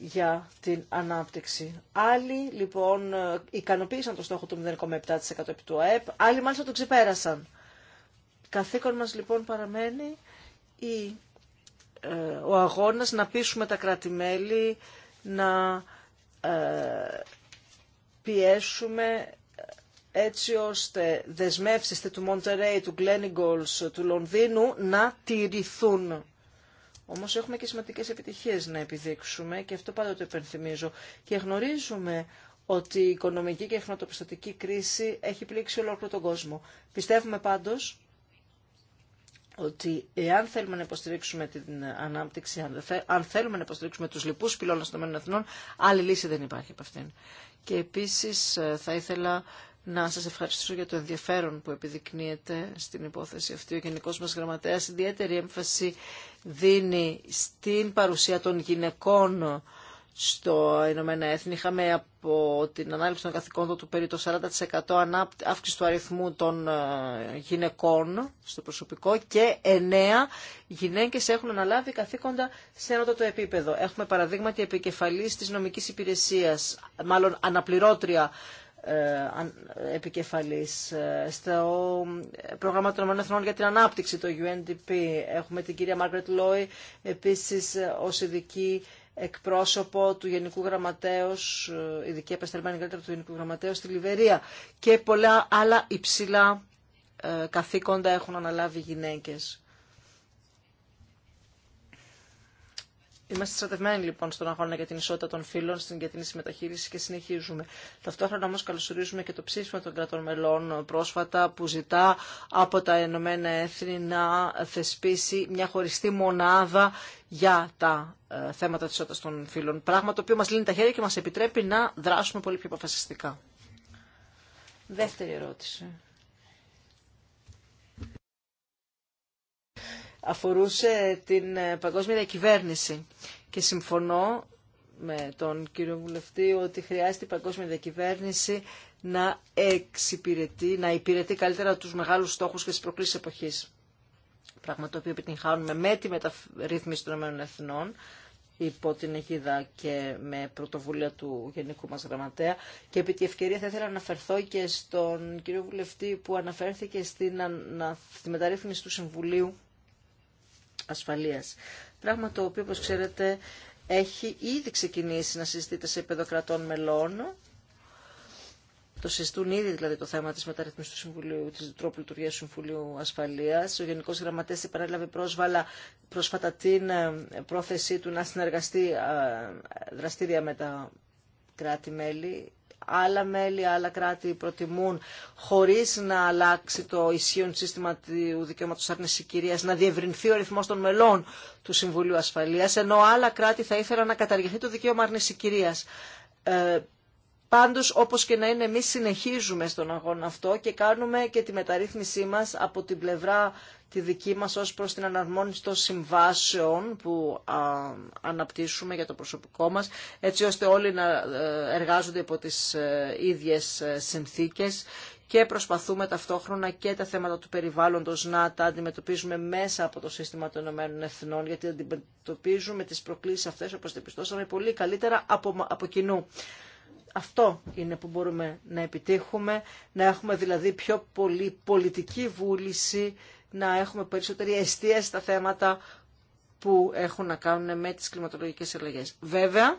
για την ανάπτυξη. Άλλοι λοιπόν ικανοποίησαν το στόχο του 0,7% επί του ΑΕΠ, άλλοι μάλιστα το ξεπέρασαν. Καθήκον μας λοιπόν παραμένει η, ε, ο αγώνας να πείσουμε τα κράτη-μέλη να ε, πιέσουμε έτσι ώστε δεσμεύσεις του Μοντερέι, του Γκλένιγκολς, του Λονδίνου να τηρηθούν. Όμως έχουμε και σημαντικές επιτυχίες να επιδείξουμε και αυτό παντα το υπενθυμίζω. Και γνωρίζουμε ότι η οικονομική και χρηματοπιστωτική κρίση έχει πλήξει ολόκληρο τον κόσμο. Πιστεύουμε πάντως ότι εάν θέλουμε να υποστηρίξουμε την ανάπτυξη, αν θέλουμε να υποστηρίξουμε τους λοιπούς πυλώνες των Εθνών, άλλη λύση δεν υπάρχει από αυτήν. Και επίσης ε, θα ήθελα να σας ευχαριστήσω για το ενδιαφέρον που επιδεικνύεται στην υπόθεση αυτή. Ο Γενικός μας Γραμματέας ιδιαίτερη έμφαση δίνει στην παρουσία των γυναικών στο Ηνωμένα Έθνη. Είχαμε από την ανάληψη των καθηκόντων του περί το 40% αύξηση του αριθμού των ε, γυναικών στο προσωπικό και 9 γυναίκες έχουν αναλάβει καθήκοντα σε ένα το επίπεδο. Έχουμε παραδείγματι επικεφαλής της νομικής υπηρεσίας, μάλλον αναπληρώτρια ε, επικεφαλής. Ε, στο πρόγραμμα των Εθνών για την ανάπτυξη, το UNDP, έχουμε την κυρία Μάργκρετ Λόι, επίσης ε, ως ειδική εκπρόσωπο του Γενικού Γραμματέως, ειδική επεσταλμένη καλύτερα του Γενικού Γραμματέως στη Λιβερία και πολλά άλλα υψηλά καθήκοντα έχουν αναλάβει γυναίκες. Είμαστε στρατευμένοι λοιπόν στον αγώνα για την ισότητα των φύλων, στην για την και συνεχίζουμε. Ταυτόχρονα όμω καλωσορίζουμε και το ψήφισμα των κρατών μελών πρόσφατα που ζητά από τα Ηνωμένα Έθνη να θεσπίσει μια χωριστή μονάδα για τα ε, θέματα τη ισότητα των φύλων. Πράγμα το οποίο μα λύνει τα χέρια και μα επιτρέπει να δράσουμε πολύ πιο αποφασιστικά. Δεύτερη ερώτηση. αφορούσε την ε, παγκόσμια διακυβέρνηση. Και συμφωνώ με τον κύριο Βουλευτή ότι χρειάζεται η παγκόσμια διακυβέρνηση να εξυπηρετεί, να υπηρετεί καλύτερα τους μεγάλους στόχους και τις προκλήσεις εποχής. Πράγμα το οποίο επιτυγχάνουμε με τη μεταρρύθμιση των Εθνών, υπό την αιγίδα και με πρωτοβουλία του Γενικού μας Γραμματέα. Και επί τη ευκαιρία θα ήθελα να αναφερθώ και στον κύριο Βουλευτή που αναφέρθηκε στην, στη μεταρρύθμιση του Συμβουλίου ασφαλείας. Πράγμα το οποίο, όπως ξέρετε, έχει ήδη ξεκινήσει να συζητείται σε επίπεδο κρατών μελών. Το συζητούν ήδη δηλαδή το θέμα της μεταρρύθμισης του Συμβουλίου, της τρόπου λειτουργίας του Συμβουλίου Ασφαλείας. Ο Γενικός Γραμματέας παρέλαβε πρόσβαλα πρόσφατα την ε, πρόθεσή του να συνεργαστεί ε, δραστήρια με τα κράτη-μέλη άλλα μέλη, άλλα κράτη προτιμούν χωρίς να αλλάξει το ισχύον σύστημα του δικαιώματος άρνησης να διευρυνθεί ο ρυθμός των μελών του Συμβουλίου Ασφαλείας ενώ άλλα κράτη θα ήθελαν να καταργηθεί το δικαίωμα άρνησης Πάντως, όπως και να είναι, εμείς συνεχίζουμε στον αγώνα αυτό και κάνουμε και τη μεταρρύθμισή μας από την πλευρά τη δική μας ως προς την αναρμόνιση των συμβάσεων που αναπτύσσουμε για το προσωπικό μας, έτσι ώστε όλοι να ε, εργάζονται υπό τις ε, ίδιες ε, συνθήκες και προσπαθούμε ταυτόχρονα και τα θέματα του περιβάλλοντος να τα αντιμετωπίζουμε μέσα από το σύστημα των Ηνωμένων Εθνών, γιατί αντιμετωπίζουμε τις προκλήσεις αυτές, όπως διαπιστώσαμε, πολύ καλύτερα από, από κοινού. Αυτό είναι που μπορούμε να επιτύχουμε, να έχουμε δηλαδή πιο πολύ πολιτική βούληση, να έχουμε περισσότερη αιστεία στα θέματα που έχουν να κάνουν με τις κλιματολογικές αλλαγές. Βέβαια,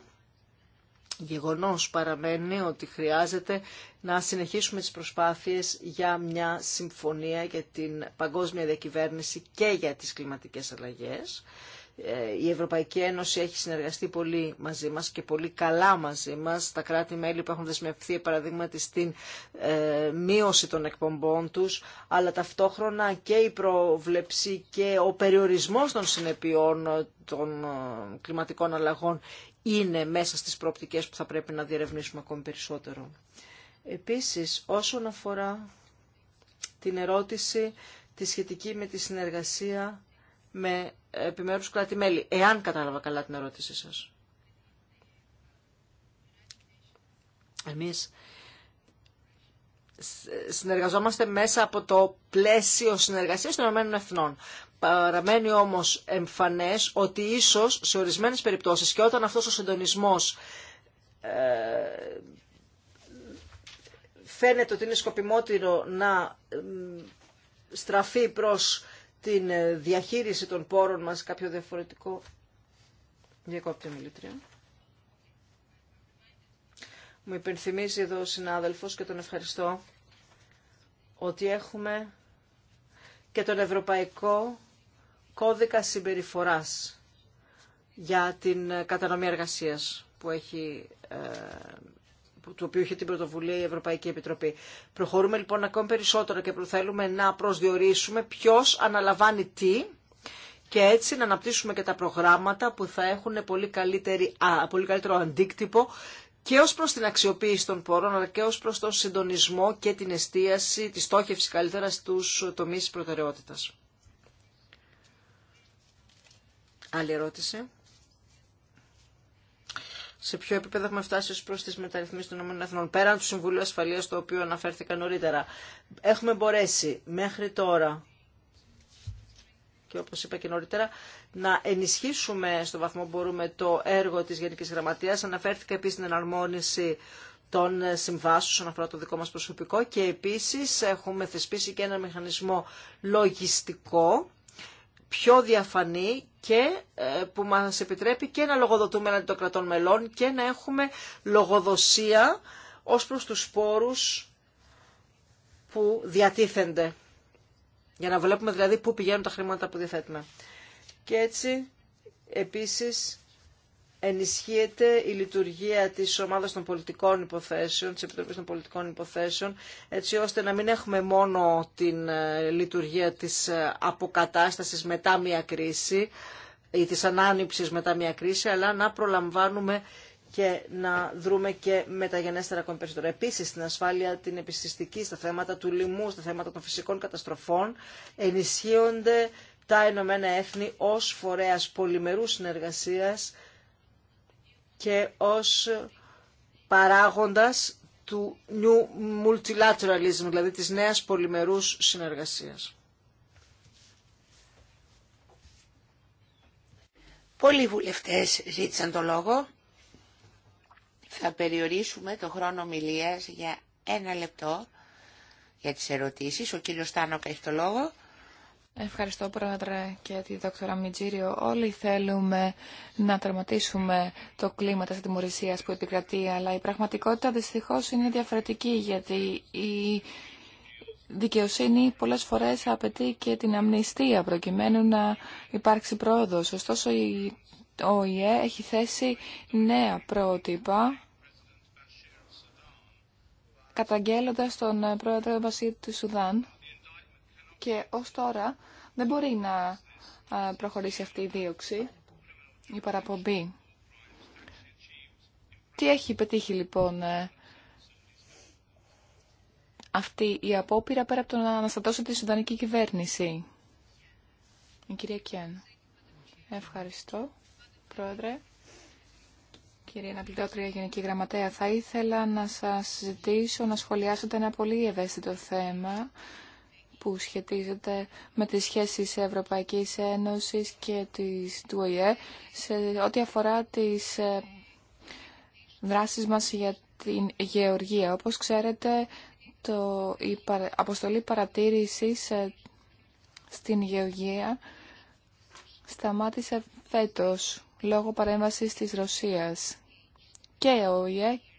γεγονός παραμένει ότι χρειάζεται να συνεχίσουμε τις προσπάθειες για μια συμφωνία για την παγκόσμια διακυβέρνηση και για τις κλιματικές αλλαγές. Ε, η Ευρωπαϊκή Ένωση έχει συνεργαστεί πολύ μαζί μας και πολύ καλά μαζί μας. Τα κράτη-μέλη που έχουν δεσμευθεί, παραδείγματι, στην ε, μείωση των εκπομπών τους, αλλά ταυτόχρονα και η προβλέψη και ο περιορισμός των συνεπειών ε, των κλιματικών αλλαγών είναι μέσα στις προοπτικές που θα πρέπει να διερευνήσουμε ακόμη περισσότερο. Επίσης, όσον αφορά την ερώτηση τη σχετική με τη συνεργασία με επιμέρους κράτη-μέλη, εάν κατάλαβα καλά την ερώτησή σας. Εμείς συνεργαζόμαστε μέσα από το πλαίσιο συνεργασίας των Ηνωμένων Εθνών. Παραμένει όμως εμφανές ότι ίσως σε ορισμένες περιπτώσεις και όταν αυτός ο συντονισμός ε, φαίνεται ότι είναι σκοπιμότερο να στραφεί προς την ε, διαχείριση των πόρων μας κάποιο διαφορετικό διακόπτη μιλήτρια. Μου υπενθυμίζει εδώ ο συνάδελφος και τον ευχαριστώ ότι έχουμε και τον Ευρωπαϊκό Κώδικα Συμπεριφοράς για την ε, κατανομή εργασίας που έχει ε, του οποίου είχε την πρωτοβουλία η Ευρωπαϊκή Επιτροπή. Προχωρούμε λοιπόν ακόμη περισσότερο και θέλουμε να προσδιορίσουμε ποιο αναλαμβάνει τι και έτσι να αναπτύσσουμε και τα προγράμματα που θα έχουν πολύ, καλύτερη, α, πολύ καλύτερο αντίκτυπο και ως προς την αξιοποίηση των πόρων, αλλά και ως προς τον συντονισμό και την εστίαση, τη στόχευση καλύτερα στους τομείς προτεραιότητας. Άλλη ερώτηση σε ποιο επίπεδο έχουμε φτάσει ω προ τι μεταρρυθμίσει των ΗΠΑ, πέραν του Συμβουλίου Ασφαλείας, το οποίο αναφέρθηκα νωρίτερα. Έχουμε μπορέσει μέχρι τώρα, και όπως είπα και νωρίτερα, να ενισχύσουμε στο βαθμό που μπορούμε το έργο της Γενικής Γραμματείας. Αναφέρθηκα επίσης στην εναρμόνιση των συμβάσεων όσον αφορά το δικό μας προσωπικό και επίσης έχουμε θεσπίσει και ένα μηχανισμό λογιστικό πιο διαφανή και ε, που μας επιτρέπει και να λογοδοτούμε εναντί των κρατών μελών και να έχουμε λογοδοσία ως προς τους σπόρους που διατίθενται. Για να βλέπουμε δηλαδή πού πηγαίνουν τα χρήματα που διαθέτουμε. Και έτσι επίσης ενισχύεται η λειτουργία της ομάδας των πολιτικών υποθέσεων, της Επιτροπής των Πολιτικών Υποθέσεων, έτσι ώστε να μην έχουμε μόνο την ε, λειτουργία της ε, αποκατάστασης μετά μια κρίση ή της ανάνυψης μετά μια κρίση, αλλά να προλαμβάνουμε και να δρούμε και μεταγενέστερα ακόμη περισσότερο. Επίσης, στην ασφάλεια, την επιστηστική, στα θέματα του λοιμού, στα θέματα των φυσικών καταστροφών, ενισχύονται τα Ηνωμένα Έθνη ως φορέας πολυμερούς συνεργασίας και ως παράγοντας του νιου multilateralism, δηλαδή της νέας πολυμερούς συνεργασίας. Πολλοί βουλευτές ζήτησαν το λόγο. Θα περιορίσουμε το χρόνο μιλίας για ένα λεπτό για τις ερωτήσεις. Ο κύριος Στάνοκα έχει το λόγο. Ευχαριστώ Πρόεδρε και τη Δόκτωρα Μιτζήριο. Όλοι θέλουμε να τερματίσουμε το κλίμα της ατιμορρησίας που επικρατεί, αλλά η πραγματικότητα δυστυχώς είναι διαφορετική, γιατί η δικαιοσύνη πολλές φορές απαιτεί και την αμνηστία προκειμένου να υπάρξει πρόοδος. Ωστόσο, η ΟΗΕ έχει θέσει νέα πρότυπα καταγγέλλοντας τον πρόεδρο Βασίλη του Σουδάν και ως τώρα δεν μπορεί να ε, προχωρήσει αυτή η δίωξη, η παραπομπή. Τι έχει πετύχει λοιπόν ε, αυτή η απόπειρα πέρα από το να αναστατώσει τη Σουδανική κυβέρνηση. Η κυρία Κιάν. Ευχαριστώ, Πρόεδρε. Κυρία Αναπληρώτρια Γενική Γραμματέα, θα ήθελα να σας ζητήσω να σχολιάσετε ένα πολύ ευαίσθητο θέμα που σχετίζεται με τις σχέσεις Ευρωπαϊκής Ένωσης και της του ΟΗΕ σε ό,τι αφορά τις ε, δράσεις μας για την γεωργία. Όπως ξέρετε, το, η αποστολή παρατήρησης ε, στην γεωργία σταμάτησε φέτος λόγω παρέμβασης της Ρωσίας. Και ο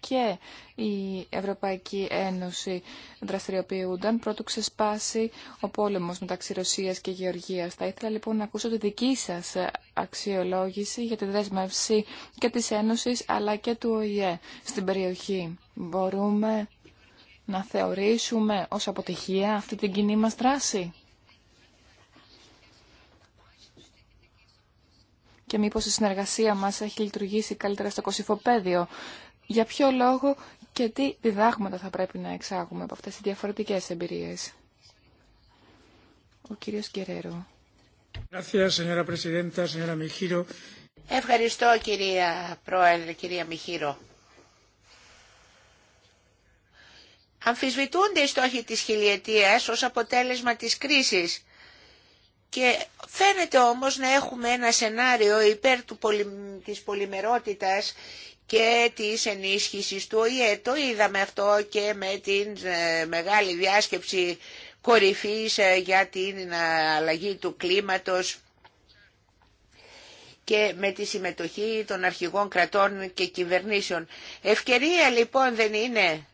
και η Ευρωπαϊκή Ένωση δραστηριοποιούνταν πρώτου ξεσπάσει ο πόλεμος μεταξύ Ρωσίας και Γεωργίας. Θα ήθελα λοιπόν να ακούσω τη δική σας αξιολόγηση για τη δέσμευση και της Ένωσης αλλά και του ΟΗΕ στην περιοχή. Μπορούμε να θεωρήσουμε ως αποτυχία αυτή την κοινή μας δράση. και μήπως η συνεργασία μας έχει λειτουργήσει καλύτερα στο κοσυφοπαίδιο για ποιο λόγο και τι διδάγματα θα πρέπει να εξάγουμε από αυτές τις διαφορετικές εμπειρίες. Ο κύριος Κεραίρο. Ευχαριστώ κυρία Πρόεδρε, κυρία Μιχύρο. Αμφισβητούνται οι στόχοι της χιλιετίας ως αποτέλεσμα της κρίσης και φαίνεται όμως να έχουμε ένα σενάριο υπέρ του πολυ... της πολυμερότητας και της ενίσχυσης του ΟΗΕ. Το είδαμε αυτό και με την ε, μεγάλη διάσκεψη κορυφής ε, για την ε, αλλαγή του κλίματος και με τη συμμετοχή των αρχηγών κρατών και κυβερνήσεων. Ευκαιρία λοιπόν δεν είναι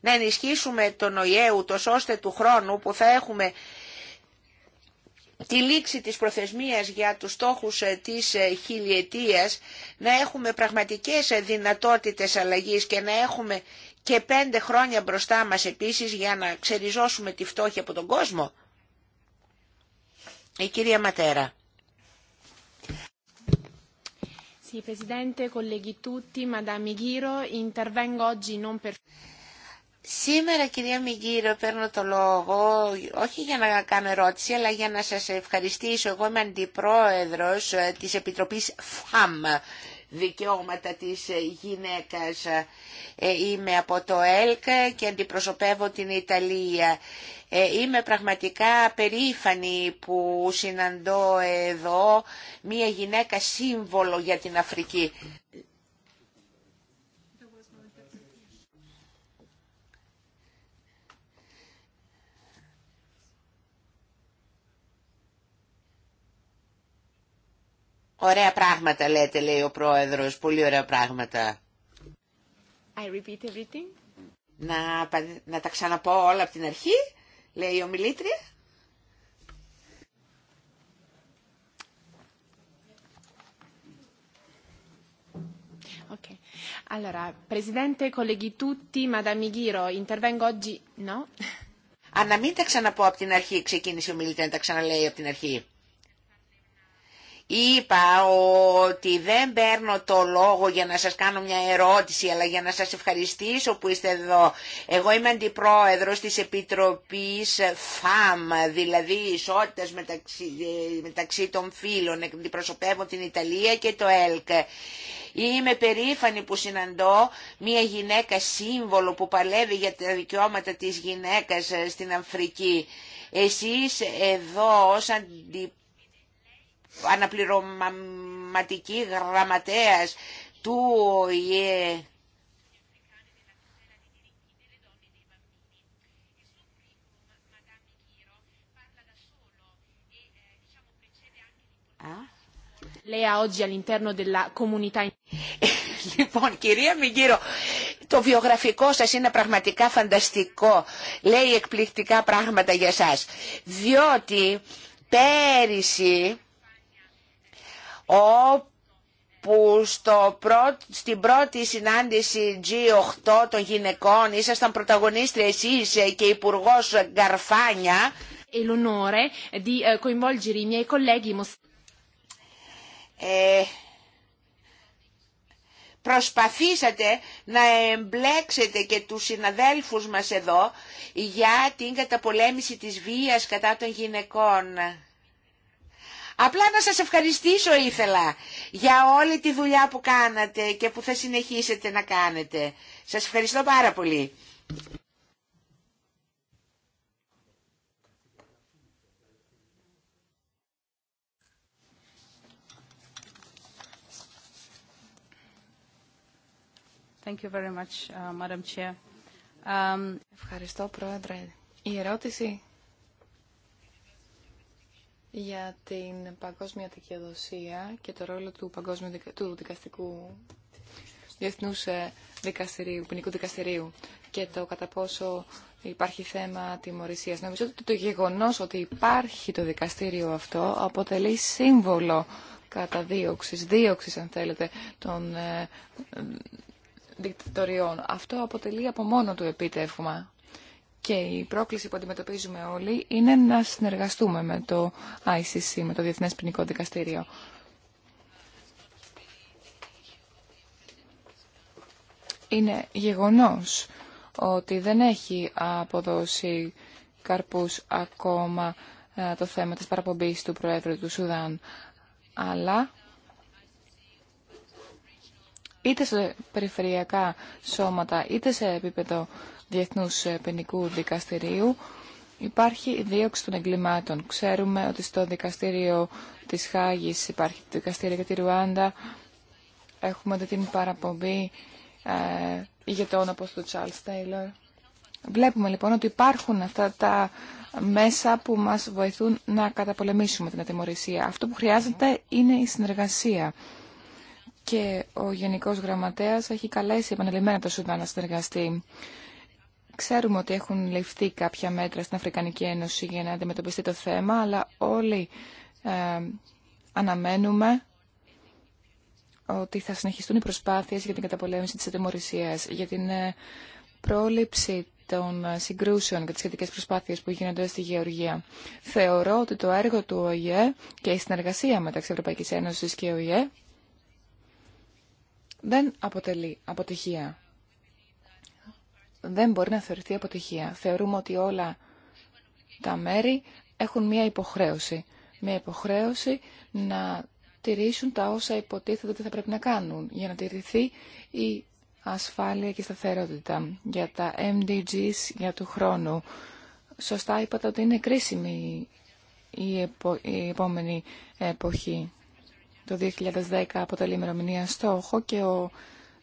να ενισχύσουμε τον ΟΗΕ ούτως ώστε του χρόνου που θα έχουμε τη λήξη της προθεσμίας για τους στόχους ε, της ε, χιλιετίας να έχουμε πραγματικές ε, δυνατότητες αλλαγής και να έχουμε και πέντε χρόνια μπροστά μας επίσης για να ξεριζώσουμε τη φτώχεια από τον κόσμο. Η κυρία Ματέρα. Sì, Presidente, colleghi tutti, Madame Ghiro, intervengo oggi non Σήμερα κυρία Μιγύρο παίρνω το λόγο όχι για να κάνω ερώτηση αλλά για να σας ευχαριστήσω. Εγώ είμαι αντιπρόεδρος ε, της Επιτροπής ΦΑΜ δικαιώματα της ε, γυναίκας. Ε, είμαι από το ΕΛΚ και αντιπροσωπεύω την Ιταλία. Είμαι πραγματικά περήφανη που συναντώ εδώ μία γυναίκα σύμβολο για την Αφρική. Ωραία πράγματα λέτε, λέει ο πρόεδρος, πολύ ωραία πράγματα. Να, τα ξαναπώ όλα από την αρχή, λέει ο ομιλήτρια. Αν Allora, Presidente, colleghi tutti, intervengo oggi... No? να μην τα ξαναπώ από την αρχή, ξεκίνησε ο μιλητή να τα ξαναλέει από την αρχή. Είπα ότι δεν παίρνω το λόγο για να σας κάνω μια ερώτηση, αλλά για να σας ευχαριστήσω που είστε εδώ. Εγώ είμαι αντιπρόεδρος της Επιτροπής ΦΑΜ, δηλαδή ισότητας μεταξύ, μεταξύ των φίλων. Αντιπροσωπεύω την Ιταλία και το ΕΛΚ. Είμαι περήφανη που συναντώ μια γυναίκα σύμβολο που παλεύει για τα δικαιώματα της γυναίκας στην Αφρική. Εσείς εδώ ως αναπληρωματική γραμματέας του ΟΗΕ Λοιπόν, κυρία Μιγύρο, το βιογραφικό σας είναι πραγματικά φανταστικό. Λέει εκπληκτικά πράγματα για σας. Διότι πέρυσι όπου στο στην πρώτη συνάντηση G8 των γυναικών ήσασταν πρωταγωνίστρια εσείς ε, και υπουργό Γκαρφάνια. Eh, ε, προσπαθήσατε να εμπλέξετε και τους συναδέλφους μας εδώ για την καταπολέμηση της βίας κατά των γυναικών. Απλά να σας ευχαριστήσω ήθελα για όλη τη δουλειά που κάνατε και που θα συνεχίσετε να κάνετε. Σας ευχαριστώ πάρα πολύ. Thank you very much, uh, Madam Chair. Um... Ευχαριστώ, Πρόεδρε. Η ερώτηση για την παγκόσμια δικαιοδοσία και το ρόλο του παγκόσμιου του δικαστικού διεθνούς δικαστηρίου, ποινικού δικαστηρίου και το κατά πόσο υπάρχει θέμα τιμωρησία. Νομίζω ότι το γεγονό ότι υπάρχει το δικαστήριο αυτό αποτελεί σύμβολο καταδίωξη, δίωξη, αν θέλετε, των δικτατοριών. Αυτό αποτελεί από μόνο του επίτευγμα. Και η πρόκληση που αντιμετωπίζουμε όλοι είναι να συνεργαστούμε με το ICC, με το Διεθνές Ποινικό Δικαστήριο. Είναι γεγονός ότι δεν έχει αποδώσει καρπούς ακόμα ε, το θέμα της παραπομπής του Προέδρου του Σουδάν. Αλλά είτε σε περιφερειακά σώματα, είτε σε επίπεδο Διεθνούς ε, Ποινικού Δικαστηρίου υπάρχει δίωξη των εγκλημάτων. Ξέρουμε ότι στο δικαστήριο της Χάγης υπάρχει το δικαστήριο για τη Ρουάντα. Έχουμε την παραπομπή ε, ηγετών όπως του Charles Taylor. Βλέπουμε λοιπόν ότι υπάρχουν αυτά τα μέσα που μας βοηθούν να καταπολεμήσουμε την ατιμορρησία. Αυτό που χρειάζεται είναι η συνεργασία. Και ο Γενικός Γραμματέας έχει καλέσει επανελειμμένα το Σουδάν να συνεργαστεί. Ξέρουμε ότι έχουν ληφθεί κάποια μέτρα στην Αφρικανική Ένωση για να αντιμετωπιστεί το θέμα, αλλά όλοι ε, αναμένουμε ότι θα συνεχιστούν οι προσπάθειες για την καταπολέμηση της ατιμορρησίας, για την ε, πρόληψη των συγκρούσεων και τις σχετικές προσπάθειες που γίνονται στη Γεωργία. Θεωρώ ότι το έργο του ΟΗΕ και η συνεργασία μεταξύ Ευρωπαϊκής Ένωσης και ΟΗΕ δεν αποτελεί αποτυχία δεν μπορεί να θεωρηθεί αποτυχία. Θεωρούμε ότι όλα τα μέρη έχουν μία υποχρέωση. Μία υποχρέωση να τηρήσουν τα όσα υποτίθεται ότι θα πρέπει να κάνουν για να τηρηθεί η ασφάλεια και η σταθερότητα για τα MDGs για του χρόνου. Σωστά είπατε ότι είναι κρίσιμη η, επόμενη εποχή. Το 2010 αποτελεί ημερομηνία στόχο και ο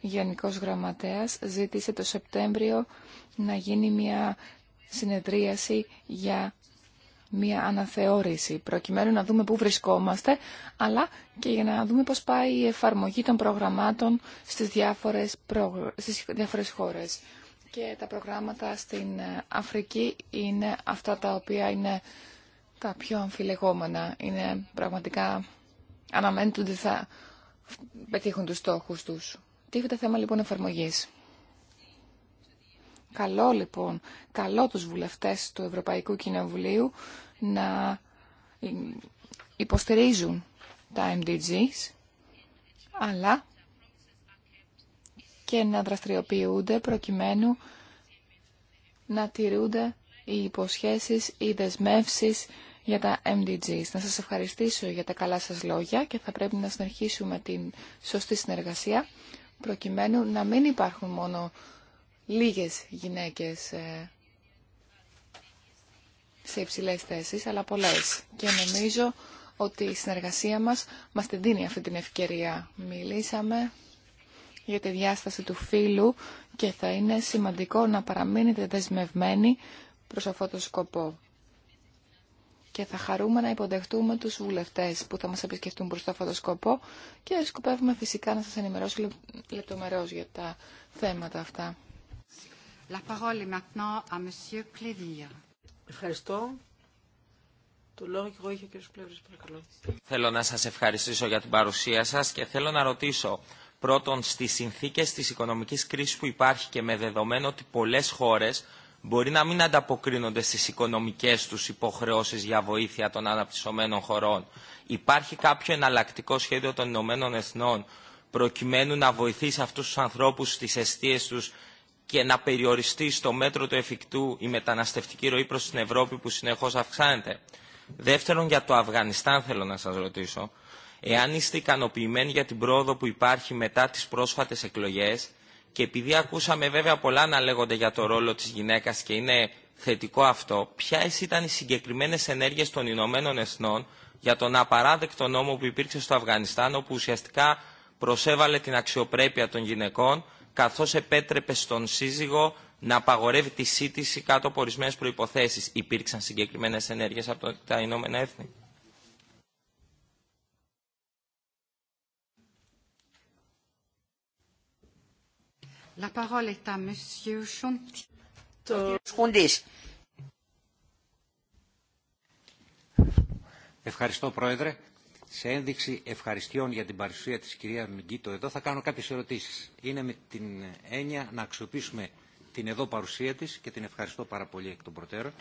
Γενικός Γραμματέας ζήτησε το Σεπτέμβριο να γίνει μια συνεδρίαση για μια αναθεώρηση, προκειμένου να δούμε πού βρισκόμαστε, αλλά και για να δούμε πώς πάει η εφαρμογή των προγραμμάτων στις διάφορες, στις διάφορες χώρες. Και τα προγράμματα στην ε, Αφρική είναι αυτά τα οποία είναι τα πιο αμφιλεγόμενα. Είναι πραγματικά αναμένουν ότι θα πετύχουν τους στόχους τους τα θέμα λοιπόν εφαρμογής. Καλό λοιπόν, καλό τους βουλευτές του Ευρωπαϊκού Κοινοβουλίου να ε, υποστηρίζουν τα MDGs, αλλά και να δραστηριοποιούνται προκειμένου να τηρούνται οι υποσχέσεις, οι δεσμεύσει για τα MDGs. Να σας ευχαριστήσω για τα καλά σας λόγια και θα πρέπει να συνεχίσουμε την σωστή συνεργασία προκειμένου να μην υπάρχουν μόνο λίγες γυναίκες ε, σε υψηλές θέσεις, αλλά πολλές. Και νομίζω ότι η συνεργασία μας μας την δίνει αυτή την ευκαιρία. Μιλήσαμε για τη διάσταση του φίλου και θα είναι σημαντικό να παραμείνετε δεσμευμένοι προς αυτό το σκοπό και θα χαρούμε να υποδεχτούμε τους βουλευτές που θα μας επισκεφτούν προς αυτό το σκοπό και σκοπεύουμε φυσικά να σας ενημερώσω λεπτομερώς για τα θέματα αυτά. La parole est maintenant à Monsieur Ευχαριστώ. Το λόγο και εγώ είχε ο κ. Πλεύρης, παρακαλώ. Θέλω να σας ευχαριστήσω για την παρουσία σας και θέλω να ρωτήσω πρώτον στις συνθήκες της οικονομικής κρίσης που υπάρχει και με δεδομένο ότι πολλές χώρες μπορεί να μην ανταποκρίνονται στις οικονομικές τους υποχρεώσεις για βοήθεια των αναπτυσσομένων χωρών. Υπάρχει κάποιο εναλλακτικό σχέδιο των Ηνωμένων Εθνών προκειμένου να βοηθήσει αυτούς τους ανθρώπους στις αιστείες τους και να περιοριστεί στο μέτρο του εφικτού η μεταναστευτική ροή προς την Ευρώπη που συνεχώς αυξάνεται. Δεύτερον, για το Αφγανιστάν θέλω να σας ρωτήσω. Εάν είστε ικανοποιημένοι για την πρόοδο που υπάρχει μετά τις πρόσφατες εκλογές και επειδή ακούσαμε βέβαια πολλά να λέγονται για το ρόλο της γυναίκας και είναι θετικό αυτό, ποιε ήταν οι συγκεκριμένες ενέργειες των Ηνωμένων Εθνών για τον απαράδεκτο νόμο που υπήρξε στο Αφγανιστάν, όπου ουσιαστικά προσέβαλε την αξιοπρέπεια των γυναικών, καθώς επέτρεπε στον σύζυγο να απαγορεύει τη σύντηση κάτω από ορισμένε προποθέσει. Υπήρξαν συγκεκριμένε ενέργειε από τα Ηνωμένα Έθνη. Ευχαριστώ Πρόεδρε. Σε ένδειξη ευχαριστειών για την παρουσία της κυρία Μιγκίτο εδώ θα κάνω κάποιες ερωτήσεις. Είναι με την έννοια να αξιοποιήσουμε την εδώ παρουσία της και την ευχαριστώ πάρα πολύ εκ των προτέρων.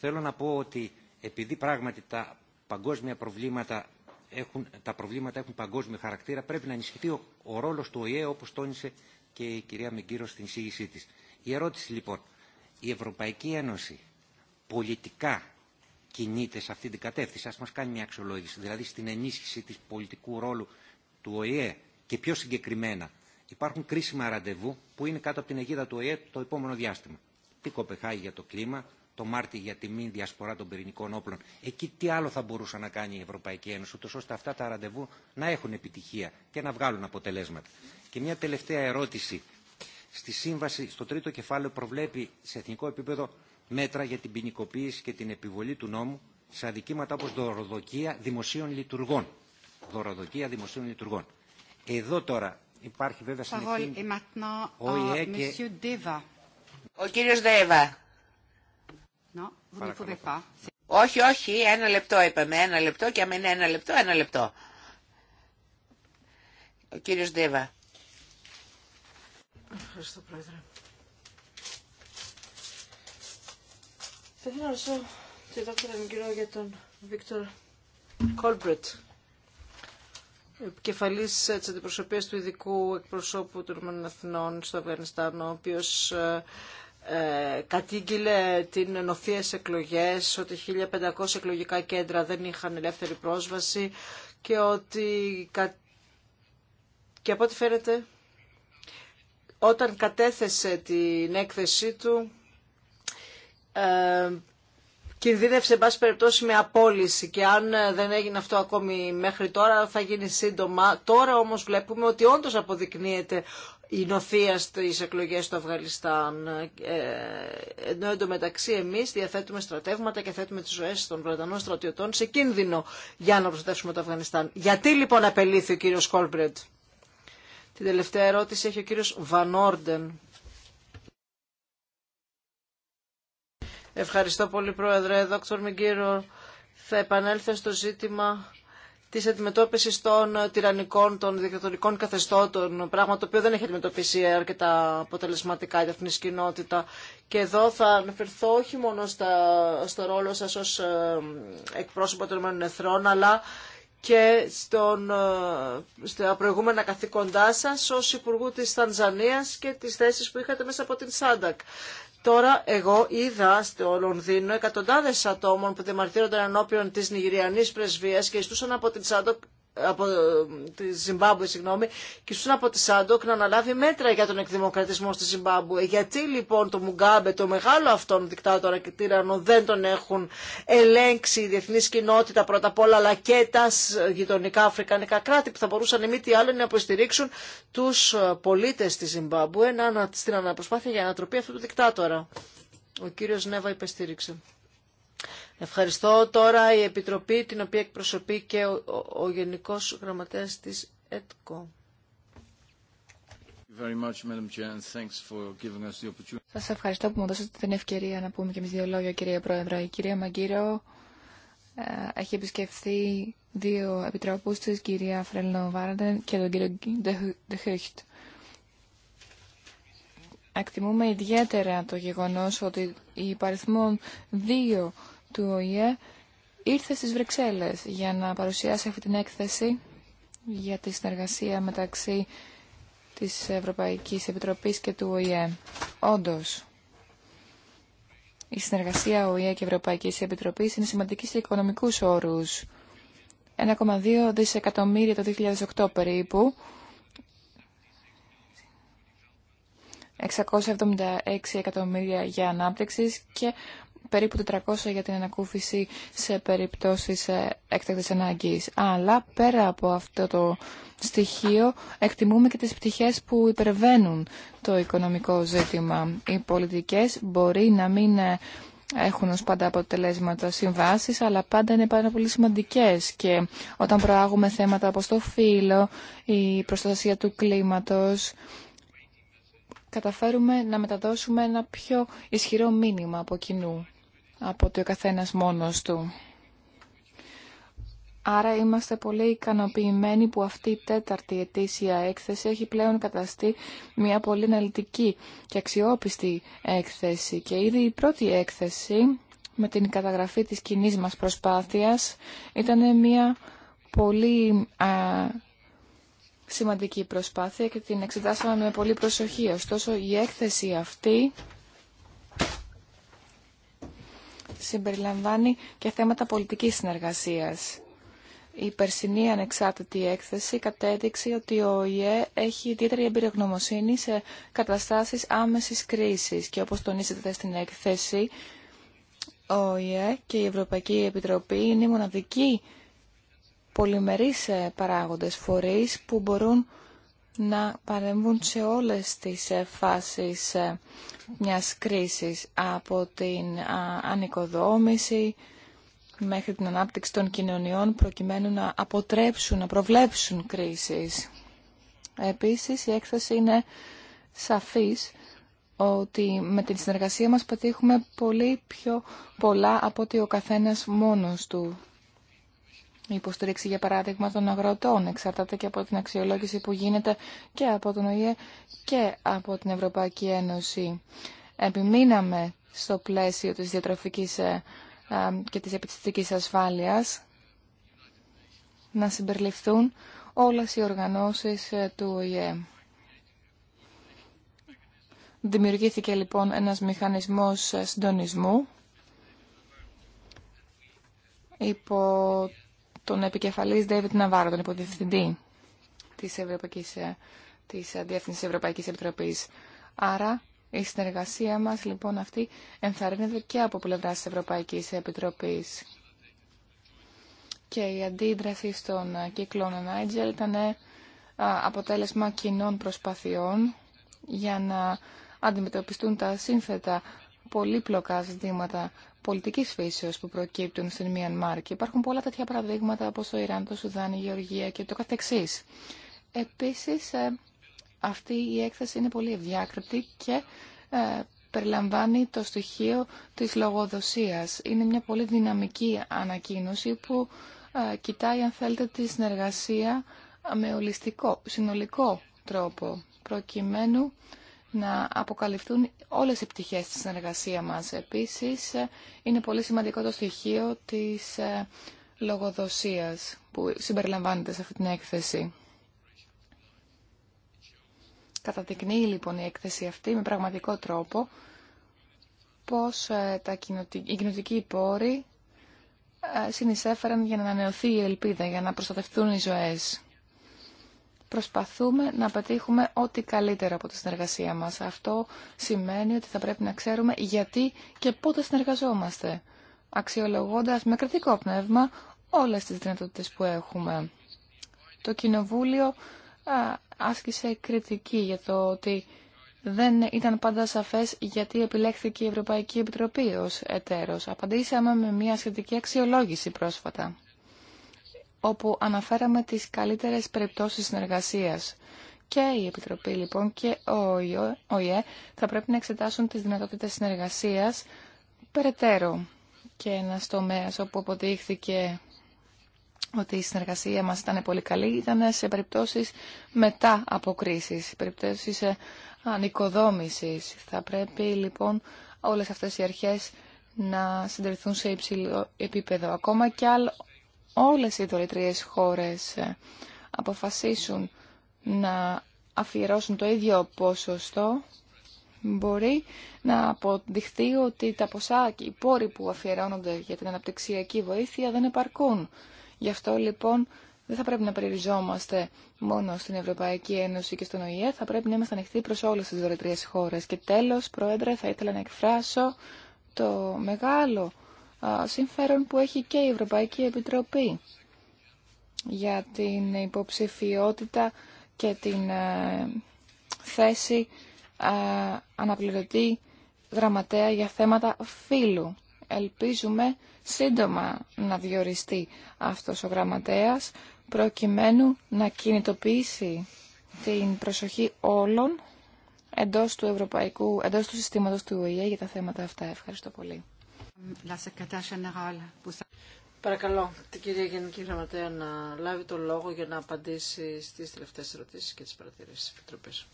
Θέλω να πω ότι επειδή πράγματι τα παγκόσμια προβλήματα έχουν, τα προβλήματα έχουν παγκόσμιο χαρακτήρα πρέπει να ενισχυθεί ο, ο ρόλος του ΟΗΕ όπως τόνισε και η κυρία Μεγκύρο στην εισήγησή της. Η ερώτηση λοιπόν, η Ευρωπαϊκή Ένωση πολιτικά κινείται σε αυτή την κατεύθυνση, ας μας κάνει μια αξιολόγηση, δηλαδή στην ενίσχυση της πολιτικού ρόλου του ΟΗΕ και πιο συγκεκριμένα υπάρχουν κρίσιμα ραντεβού που είναι κάτω από την αιγίδα του ΟΗΕ το επόμενο διάστημα. Τι κοπεχάει για το κλίμα, το Μάρτι για τη μη διασπορά των πυρηνικών όπλων. Εκεί τι άλλο θα μπορούσε να κάνει η Ευρωπαϊκή Ένωση, ούτως ώστε αυτά τα ραντεβού να έχουν επιτυχία και να βγάλουν αποτελέσματα. Και μια τελευταία ερώτηση. Στη σύμβαση, στο τρίτο κεφάλαιο προβλέπει σε εθνικό επίπεδο μέτρα για την ποινικοποίηση και την επιβολή του νόμου σε αδικήματα όπως δωροδοκία δημοσίων λειτουργών. Δωροδοκία δημοσίων λειτουργών. Εδώ τώρα υπάρχει βέβαια συνεχή... Ο κύριος Δέβα όχι, όχι, ένα λεπτό είπαμε, ένα λεπτό και άμα είναι ένα λεπτό, ένα λεπτό. Ο κύριος Δέβα. Ευχαριστώ, Πρόεδρε. Θα ήθελα να ρωτήσω τη δόκτωρα Μικρό για τον Βίκτορ Κόλμπρετ, επικεφαλής ε, της αντιπροσωπείας του ειδικού εκπροσώπου των Ηνωμένων Εθνών στο Αφγανιστάν, ο οποίος ε, ε, κατήγγειλε την σε εκλογές, ότι 1500 εκλογικά κέντρα δεν είχαν ελεύθερη πρόσβαση και ότι και από ό,τι φαίνεται όταν κατέθεσε την έκθεσή του ε, κινδύνευσε, πάση περιπτώσει, με απόλυση και αν ε, δεν έγινε αυτό ακόμη μέχρι τώρα θα γίνει σύντομα. Τώρα όμως βλέπουμε ότι όντως αποδεικνύεται η νοθεία στις εκλογές του Αφγανιστάν. Ε, ενώ εντωμεταξύ εμείς διαθέτουμε στρατεύματα και θέτουμε τις ζωές των Βρετανών στρατιωτών σε κίνδυνο για να προστατεύσουμε το Αφγανιστάν. Γιατί λοιπόν απελήθη ο κύριος Κόλμπρετ. Την τελευταία ερώτηση έχει ο κύριος Βανόρντεν. Ευχαριστώ πολύ Πρόεδρε. Δόκτωρ Μιγκύρο, θα επανέλθω στο ζήτημα τη αντιμετώπιση των ε, τυραννικών, των δικτατορικών καθεστώτων, πράγμα το οποίο δεν έχει αντιμετωπίσει αρκετά αποτελεσματικά η διεθνή κοινότητα. Και εδώ θα αναφερθώ όχι μόνο στα, στο ρόλο σας ως ε, εκπρόσωπο των εθνών, αλλά και στον, ε, στα προηγούμενα καθήκοντά σας ως Υπουργού της Τανζανίας και τις θέσεις που είχατε μέσα από την Σάντακ. Τώρα εγώ είδα στο Λονδίνο εκατοντάδες ατόμων που διαμαρτύρονταν ενώπιον της Νιγηριανής πρεσβείας και ιστούσαν από την Σάντο από ε, τη Ζιμπάμπουε, συγγνώμη, και από τη Σάντοκ να αναλάβει μέτρα για τον εκδημοκρατισμό στη Ζιμπάμπουε. Γιατί λοιπόν το Μουγκάμπε, το μεγάλο αυτόν δικτάτορα και τύρανο, δεν τον έχουν ελέγξει η διεθνή κοινότητα πρώτα απ' όλα, αλλά και τα γειτονικά αφρικανικά κράτη που θα μπορούσαν μη τι άλλο να υποστηρίξουν του ε, πολίτε τη Ζιμπάμπουε στην αναπροσπάθεια για ανατροπή αυτού του δικτάτορα. Ο κύριο Νέβα υπεστήριξε. Ευχαριστώ τώρα η Επιτροπή την οποία εκπροσωπεί και ο, ο, ο Γενικός Γραμματέας της ΕΤΚΟ. Σας ευχαριστώ που μου δώσατε την ευκαιρία να πούμε και εμείς δύο λόγια, κυρία Πρόεδρα, Η κυρία Μαγκύρο ε, έχει επισκεφθεί δύο επιτρόπους της, κυρία Φρελνό Βάρντεν και τον κύριο Ντεχούχτ. Ακτιμούμε ιδιαίτερα το γεγονός ότι η παριθμόν δύο του ΟΗΕ ήρθε στις Βρυξέλλες για να παρουσιάσει αυτή την έκθεση για τη συνεργασία μεταξύ της Ευρωπαϊκής Επιτροπής και του ΟΗΕ. Όντως, η συνεργασία ΟΗΕ και Ευρωπαϊκής Επιτροπής είναι σημαντική σε οικονομικούς όρους. 1,2 δισεκατομμύρια το 2008 περίπου, 676 εκατομμύρια για ανάπτυξη και περίπου 400 για την ανακούφιση σε περιπτώσεις ε, έκτακτης ανάγκης. Αλλά πέρα από αυτό το στοιχείο εκτιμούμε και τις πτυχές που υπερβαίνουν το οικονομικό ζήτημα. Οι πολιτικές μπορεί να μην ε, έχουν ως πάντα αποτελέσματα συμβάσεις, αλλά πάντα είναι πάρα πολύ σημαντικές και όταν προάγουμε θέματα όπως το φύλλο, η προστασία του κλίματος, καταφέρουμε να μεταδώσουμε ένα πιο ισχυρό μήνυμα από κοινού από ότι ο καθένας μόνος του. Άρα είμαστε πολύ ικανοποιημένοι που αυτή η τέταρτη ετήσια έκθεση έχει πλέον καταστεί μια πολύ αναλυτική και αξιόπιστη έκθεση. Και ήδη η πρώτη έκθεση με την καταγραφή της κοινή μας προσπάθειας ήταν μια πολύ σημαντική προσπάθεια και την εξετάσαμε με πολύ προσοχή. Ωστόσο η έκθεση αυτή συμπεριλαμβάνει και θέματα πολιτικής συνεργασίας. Η περσινή ανεξάρτητη έκθεση κατέδειξε ότι ο ΟΗΕ έχει ιδιαίτερη εμπειρογνωμοσύνη σε καταστάσεις άμεσης κρίσης και όπως τονίζεται στην έκθεση, ο ΟΗΕ και η Ευρωπαϊκή Επιτροπή είναι οι μοναδικοί πολυμερείς παράγοντες φορείς που μπορούν να παρεμβούν σε όλες τις ε, φάσεις ε, μιας κρίσης από την ανοικοδόμηση μέχρι την ανάπτυξη των κοινωνιών προκειμένου να αποτρέψουν, να προβλέψουν κρίσεις. Επίσης, η έκθεση είναι σαφής ότι με την συνεργασία μας πετύχουμε πολύ πιο πολλά από ότι ο καθένας μόνος του η υποστήριξη για παράδειγμα των αγροτών εξαρτάται και από την αξιολόγηση που γίνεται και από τον ΟΗΕ και από την Ευρωπαϊκή Ένωση. Επιμείναμε στο πλαίσιο της διατροφικής ε, και της επιστημικής ασφάλειας να συμπεριληφθούν όλες οι οργανώσεις ε, του ΟΗΕ. Δημιουργήθηκε λοιπόν ένας μηχανισμός ε, συντονισμού υπό τον επικεφαλής David Navarro, τον υποδιευθυντή της, Ευρωπαϊκής, ε, της Επιτροπή. Ευρωπαϊκής Επιτροπής. Άρα η συνεργασία μας λοιπόν αυτή ενθαρρύνεται και από πλευρά της Ευρωπαϊκής Επιτροπής. Και η αντίδραση στον κύκλο Νάιτζελ ήταν ε, αποτέλεσμα κοινών προσπαθειών για να αντιμετωπιστούν τα σύνθετα πολύπλοκα ζητήματα πολιτικής φύσεως που προκύπτουν στην Μιανμάρ και υπάρχουν πολλά τέτοια παραδείγματα όπως το Ιράν, το Σουδάν, η Γεωργία και το καθεξής. Επίσης, ε, αυτή η έκθεση είναι πολύ ευδιάκριτη και ε, περιλαμβάνει το στοιχείο της λογοδοσίας. Είναι μια πολύ δυναμική ανακοίνωση που ε, κοιτάει, αν θέλετε, τη συνεργασία με ολιστικό, συνολικό τρόπο, προκειμένου να αποκαλυφθούν όλες οι πτυχές της συνεργασία μας. Επίσης, είναι πολύ σημαντικό το στοιχείο της ε, λογοδοσίας που συμπεριλαμβάνεται σε αυτή την έκθεση. Καταδεικνύει λοιπόν η έκθεση αυτή με πραγματικό τρόπο πώς ε, τα οι κοινωτικοί πόροι ε, συνεισέφεραν για να ανανεωθεί η ελπίδα, για να προστατευτούν οι ζωές προσπαθούμε να πετύχουμε ό,τι καλύτερα από τη συνεργασία μας. Αυτό σημαίνει ότι θα πρέπει να ξέρουμε γιατί και πότε συνεργαζόμαστε, αξιολογώντας με κριτικό πνεύμα όλες τις δυνατότητες που έχουμε. Το Κοινοβούλιο άσκησε κριτική για το ότι δεν ήταν πάντα σαφές γιατί επιλέχθηκε η Ευρωπαϊκή Επιτροπή ως εταίρος. Απαντήσαμε με μια σχετική αξιολόγηση πρόσφατα όπου αναφέραμε τις καλύτερες περιπτώσεις συνεργασίας. Και η Επιτροπή λοιπόν και ο ΙΕ θα πρέπει να εξετάσουν τις δυνατότητες συνεργασίας περαιτέρω. Και ένα τομέα όπου αποδείχθηκε ότι η συνεργασία μας ήταν πολύ καλή ήταν σε περιπτώσεις μετά από σε περιπτώσεις ε, ανοικοδόμησης. Θα πρέπει λοιπόν όλες αυτές οι αρχές να συντηρηθούν σε υψηλό επίπεδο. Ακόμα και όλες οι δωρητρίες χώρες ε, αποφασίσουν να αφιερώσουν το ίδιο ποσοστό, μπορεί να αποδειχθεί ότι τα ποσά και οι πόροι που αφιερώνονται για την αναπτυξιακή βοήθεια δεν επαρκούν. Γι' αυτό λοιπόν δεν θα πρέπει να περιοριζόμαστε μόνο στην Ευρωπαϊκή Ένωση και στον ΟΗΕ, θα πρέπει να είμαστε ανοιχτοί προς όλες τις δωρετρίες χώρες. Και τέλος, Πρόεδρε, θα ήθελα να εκφράσω το μεγάλο συμφέρον που έχει και η Ευρωπαϊκή Επιτροπή για την υποψηφιότητα και την ε, θέση αναπληρωτή γραμματέα για θέματα φύλου. Ελπίζουμε σύντομα να διοριστεί αυτός ο γραμματέας προκειμένου να κινητοποιήσει την προσοχή όλων εντός του, ευρωπαϊκού, εντός του συστήματος του ΟΗΕ για τα θέματα αυτά. Ευχαριστώ πολύ. Παρακαλώ την κυρία Γενική Γραμματέα να λάβει το λόγο για να απαντήσει στις τελευταίες ερωτήσεις και τις παρατηρήσεις της Επιτροπής.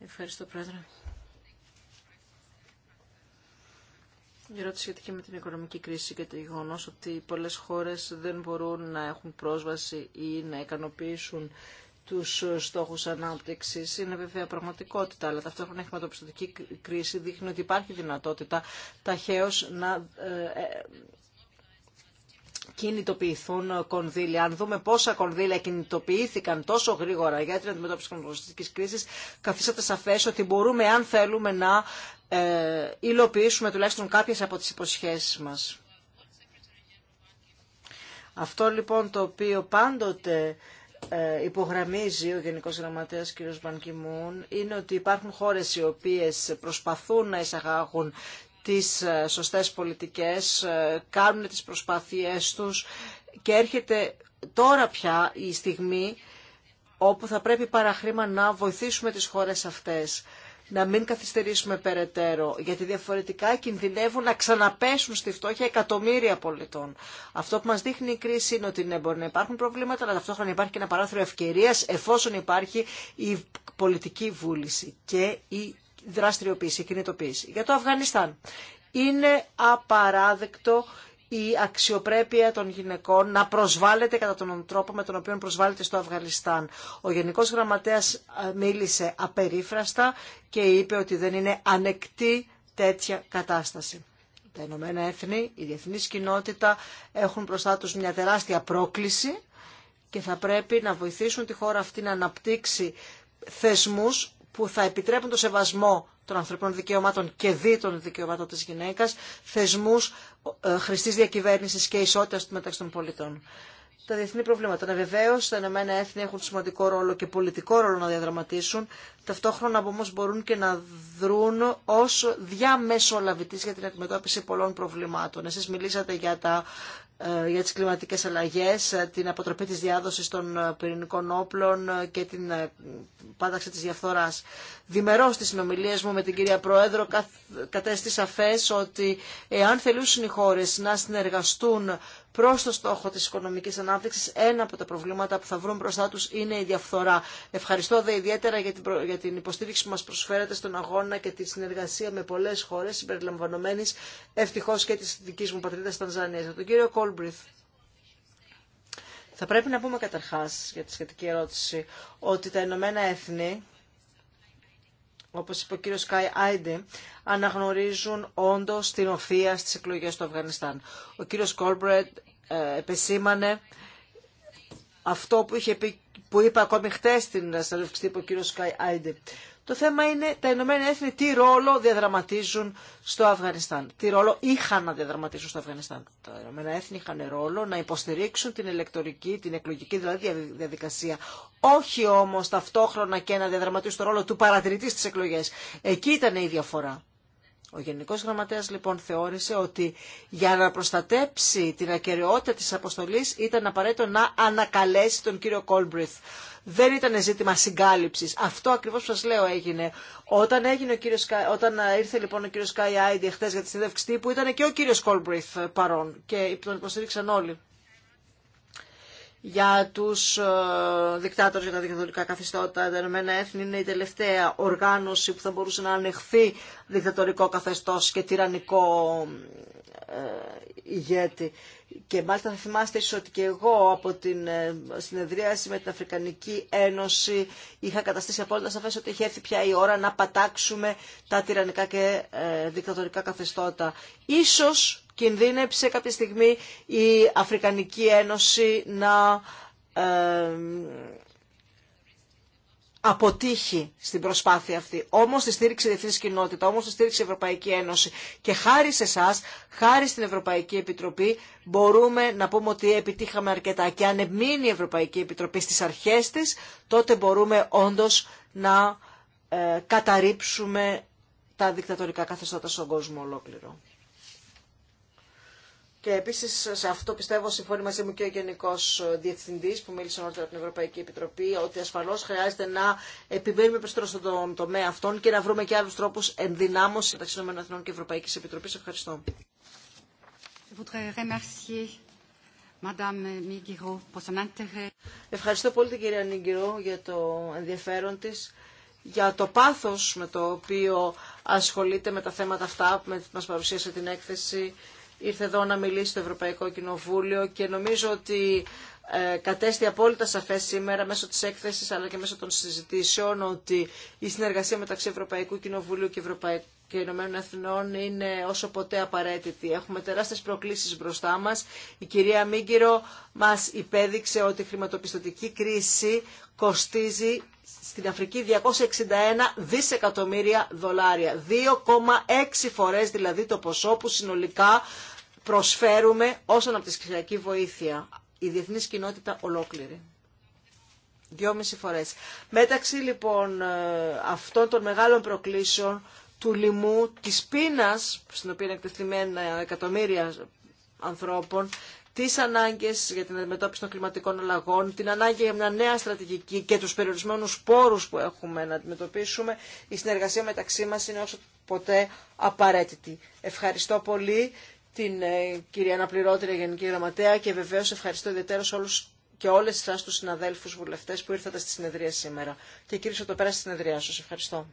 Ευχαριστώ, Πρόεδρε. Η ερώτηση σχετική με την οικονομική κρίση και το γεγονό ότι πολλές χώρες δεν μπορούν να έχουν πρόσβαση ή να ικανοποιήσουν τους στόχους ανάπτυξης. Είναι βέβαια πραγματικότητα, αλλά ταυτόχρονα η χρηματοπιστωτική κρίση δείχνει ότι υπάρχει δυνατότητα ταχαίως να ε, ε, κινητοποιηθούν κονδύλια. Αν δούμε πόσα κονδύλια κινητοποιήθηκαν τόσο γρήγορα για την αντιμετώπιση της χρηματοπιστωτικής κρίσης, καθίσατε σαφές ότι μπορούμε, αν θέλουμε, να ε, υλοποιήσουμε τουλάχιστον κάποιες από τις υποσχέσεις μας. Αυτό λοιπόν το οποίο πάντοτε ε, υπογραμμίζει ο Γενικός Γραμματέα κ. Μπανκιμούν είναι ότι υπάρχουν χώρες οι οποίες προσπαθούν να εισαγάγουν τις ε, σωστές πολιτικές, ε, κάνουν τις προσπάθειές τους και έρχεται τώρα πια η στιγμή όπου θα πρέπει παραχρήμα να βοηθήσουμε τις χώρες αυτές να μην καθυστερήσουμε περαιτέρω, γιατί διαφορετικά κινδυνεύουν να ξαναπέσουν στη φτώχεια εκατομμύρια πολιτών. Αυτό που μας δείχνει η κρίση είναι ότι ναι, μπορεί να υπάρχουν προβλήματα, αλλά ταυτόχρονα υπάρχει και ένα παράθυρο ευκαιρίας, εφόσον υπάρχει η πολιτική βούληση και η δραστηριοποίηση, η κινητοποίηση. Για το Αφγανιστάν. Είναι απαράδεκτο η αξιοπρέπεια των γυναικών να προσβάλλεται κατά τον τρόπο με τον οποίο προσβάλλεται στο Αφγανιστάν. Ο Γενικός Γραμματέας ε, μίλησε απερίφραστα και είπε ότι δεν είναι ανεκτή τέτοια κατάσταση. Τα Ηνωμένα Έθνη, η διεθνή κοινότητα έχουν μπροστά τους μια τεράστια πρόκληση και θα πρέπει να βοηθήσουν τη χώρα αυτή να αναπτύξει θεσμούς που θα επιτρέπουν το σεβασμό των ανθρωπίνων δικαιωμάτων και δι των δικαιωμάτων της γυναίκας, θεσμούς ε, χρηστής διακυβέρνησης και ισότητας μεταξύ των πολιτών. Τα διεθνή προβλήματα. Ναι, βεβαίω, τα Ηνωμένα Έθνη έχουν σημαντικό ρόλο και πολιτικό ρόλο να διαδραματίσουν. Ταυτόχρονα όμω μπορούν και να δρουν ω διαμεσολαβητή για την αντιμετώπιση πολλών προβλημάτων. Εσεί μιλήσατε για τα ε, για τις κλιματικές αλλαγές, ε, την αποτροπή της διάδοσης των ε, πυρηνικών όπλων και την πάταξη της διαφθοράς. Δημερώ στις συνομιλίες μου με την κυρία Πρόεδρο κατέστη σαφές ότι εάν θελούσαν οι χώρες να συνεργαστούν Προ το στόχο της οικονομικής ανάπτυξης, ένα από τα προβλήματα που θα βρουν μπροστά του είναι η διαφθορά. Ευχαριστώ δε ιδιαίτερα για την, για την υποστήριξη που μας προσφέρατε στον αγώνα και τη συνεργασία με πολλέ χώρες συμπεριλαμβανομένης ευτυχώ και της δικής μου πατρίδας Τανζανία. Για τον κύριο Κόλμπριθ. Θα πρέπει να πούμε καταρχά για τη σχετική ερώτηση ότι τα Ηνωμένα Έθνη όπως είπε ο κύριος Σκάι Άιντε, αναγνωρίζουν όντως την οφία στις εκλογές του Αφγανιστάν. Ο κύριος Κόλμπρετ ε, επεσήμανε αυτό που, είχε που είπε ακόμη χτες στην συνέντευξη που ο κύριος Σκάι Άιντε, το θέμα είναι τα Ηνωμένα Έθνη τι ρόλο διαδραματίζουν στο Αφγανιστάν. Τι ρόλο είχαν να διαδραματίσουν στο Αφγανιστάν. Τα Ηνωμένα Έθνη είχαν ρόλο να υποστηρίξουν την την εκλογική δηλαδή διαδικασία. Όχι όμω ταυτόχρονα και να διαδραματίσουν το ρόλο του παρατηρητή στι εκλογέ. Εκεί ήταν η διαφορά. Ο Γενικό Γραμματέα, λοιπόν θεώρησε ότι για να προστατέψει την ακαιρεότητα τη αποστολή ήταν απαραίτητο να ανακαλέσει τον κύριο Κόλμπριθ δεν ήταν ζήτημα συγκάλυψης. Αυτό ακριβώς που σας λέω έγινε. Όταν, έγινε ο κύριος, όταν ε, ήρθε λοιπόν ο κύριος Σκάι Άιντι χθες για τη συνέντευξη τύπου ήταν και ο κύριος Κόλμπριθ παρόν και τον υποστήριξαν όλοι για τους ε, δικτάτορες για τα δικτατορικά καθεστώτα. Τα Ηνωμένα Έθνη είναι η τελευταία οργάνωση που θα μπορούσε να ανεχθεί δικτατορικό καθεστώς και τυραννικό ε, ηγέτη. Και μάλιστα θα θυμάστε ότι και εγώ από την ε, συνεδρίαση με την Αφρικανική Ένωση είχα καταστήσει απόλυτα σαφές ότι έχει έρθει πια η ώρα να πατάξουμε τα τυραννικά και δικτατορικά καθεστώτα. Ίσως κινδύνεψε κάποια στιγμή η Αφρικανική Ένωση να αποτύχει στην προσπάθεια αυτή. Όμως τη στήριξε η Διεθνής Κοινότητα, όμως τη στήριξε η Ευρωπαϊκή Ένωση. Και χάρη σε εσά, χάρη στην Ευρωπαϊκή Επιτροπή, μπορούμε να πούμε ότι επιτύχαμε αρκετά. Και αν μείνει η Ευρωπαϊκή Επιτροπή στις αρχές της, τότε μπορούμε όντως να ε, καταρρύψουμε τα δικτατορικά καθεστώτα στον κόσμο ολόκληρο. Και επίση σε αυτό πιστεύω συμφωνεί μαζί μου και ο Γενικό Διευθυντή που μίλησε νωρίτερα από την Ευρωπαϊκή Επιτροπή ότι ασφαλώ χρειάζεται να επιμένουμε περισσότερο στον τομέα αυτών και να βρούμε και άλλου τρόπου ενδυνάμωση μεταξύ ΗΠΑ και Ευρωπαϊκή Επιτροπή. Ευχαριστώ. Ευχαριστώ πολύ την κυρία Νίγκυρο για το ενδιαφέρον της, για το πάθος με το οποίο ασχολείται με τα θέματα αυτά που μας παρουσίασε την έκθεση ήρθε εδώ να μιλήσει στο Ευρωπαϊκό Κοινοβούλιο και νομίζω ότι ε, κατέστη απόλυτα σαφές σήμερα μέσω της έκθεσης αλλά και μέσω των συζητήσεων ότι η συνεργασία μεταξύ Ευρωπαϊκού Κοινοβουλίου και Ευρωπαϊκού και Ηνωμένων Εθνών είναι όσο ποτέ απαραίτητη. Έχουμε τεράστιες προκλήσεις μπροστά μας. Η κυρία Μίγκυρο μας υπέδειξε ότι η χρηματοπιστωτική κρίση κοστίζει στην Αφρική 261 δισεκατομμύρια δολάρια. 2,6 φορές δηλαδή το ποσό που συνολικά προσφέρουμε τη σκληριακή βοήθεια η διεθνή κοινότητα ολόκληρη. Δυόμιση φορές. Μέταξυ λοιπόν ε, αυτών των μεγάλων προκλήσεων του λοιμού, της πείνας, στην οποία είναι εκτεθειμένα εκατομμύρια ανθρώπων, τι ανάγκε για την αντιμετώπιση των κλιματικών αλλαγών, την ανάγκη για μια νέα στρατηγική και του περιορισμένου πόρου που έχουμε να αντιμετωπίσουμε, η συνεργασία μεταξύ μα είναι όσο ποτέ απαραίτητη. Ευχαριστώ πολύ την ε, κυρία Αναπληρώτρια Γενική Γραμματέα και βεβαίως ευχαριστώ ιδιαίτερα όλους και όλες σας τους συναδέλφους βουλευτές που ήρθατε στη συνεδρία σήμερα. Και κύριε το πέρα στη συνεδρία σας. Ευχαριστώ.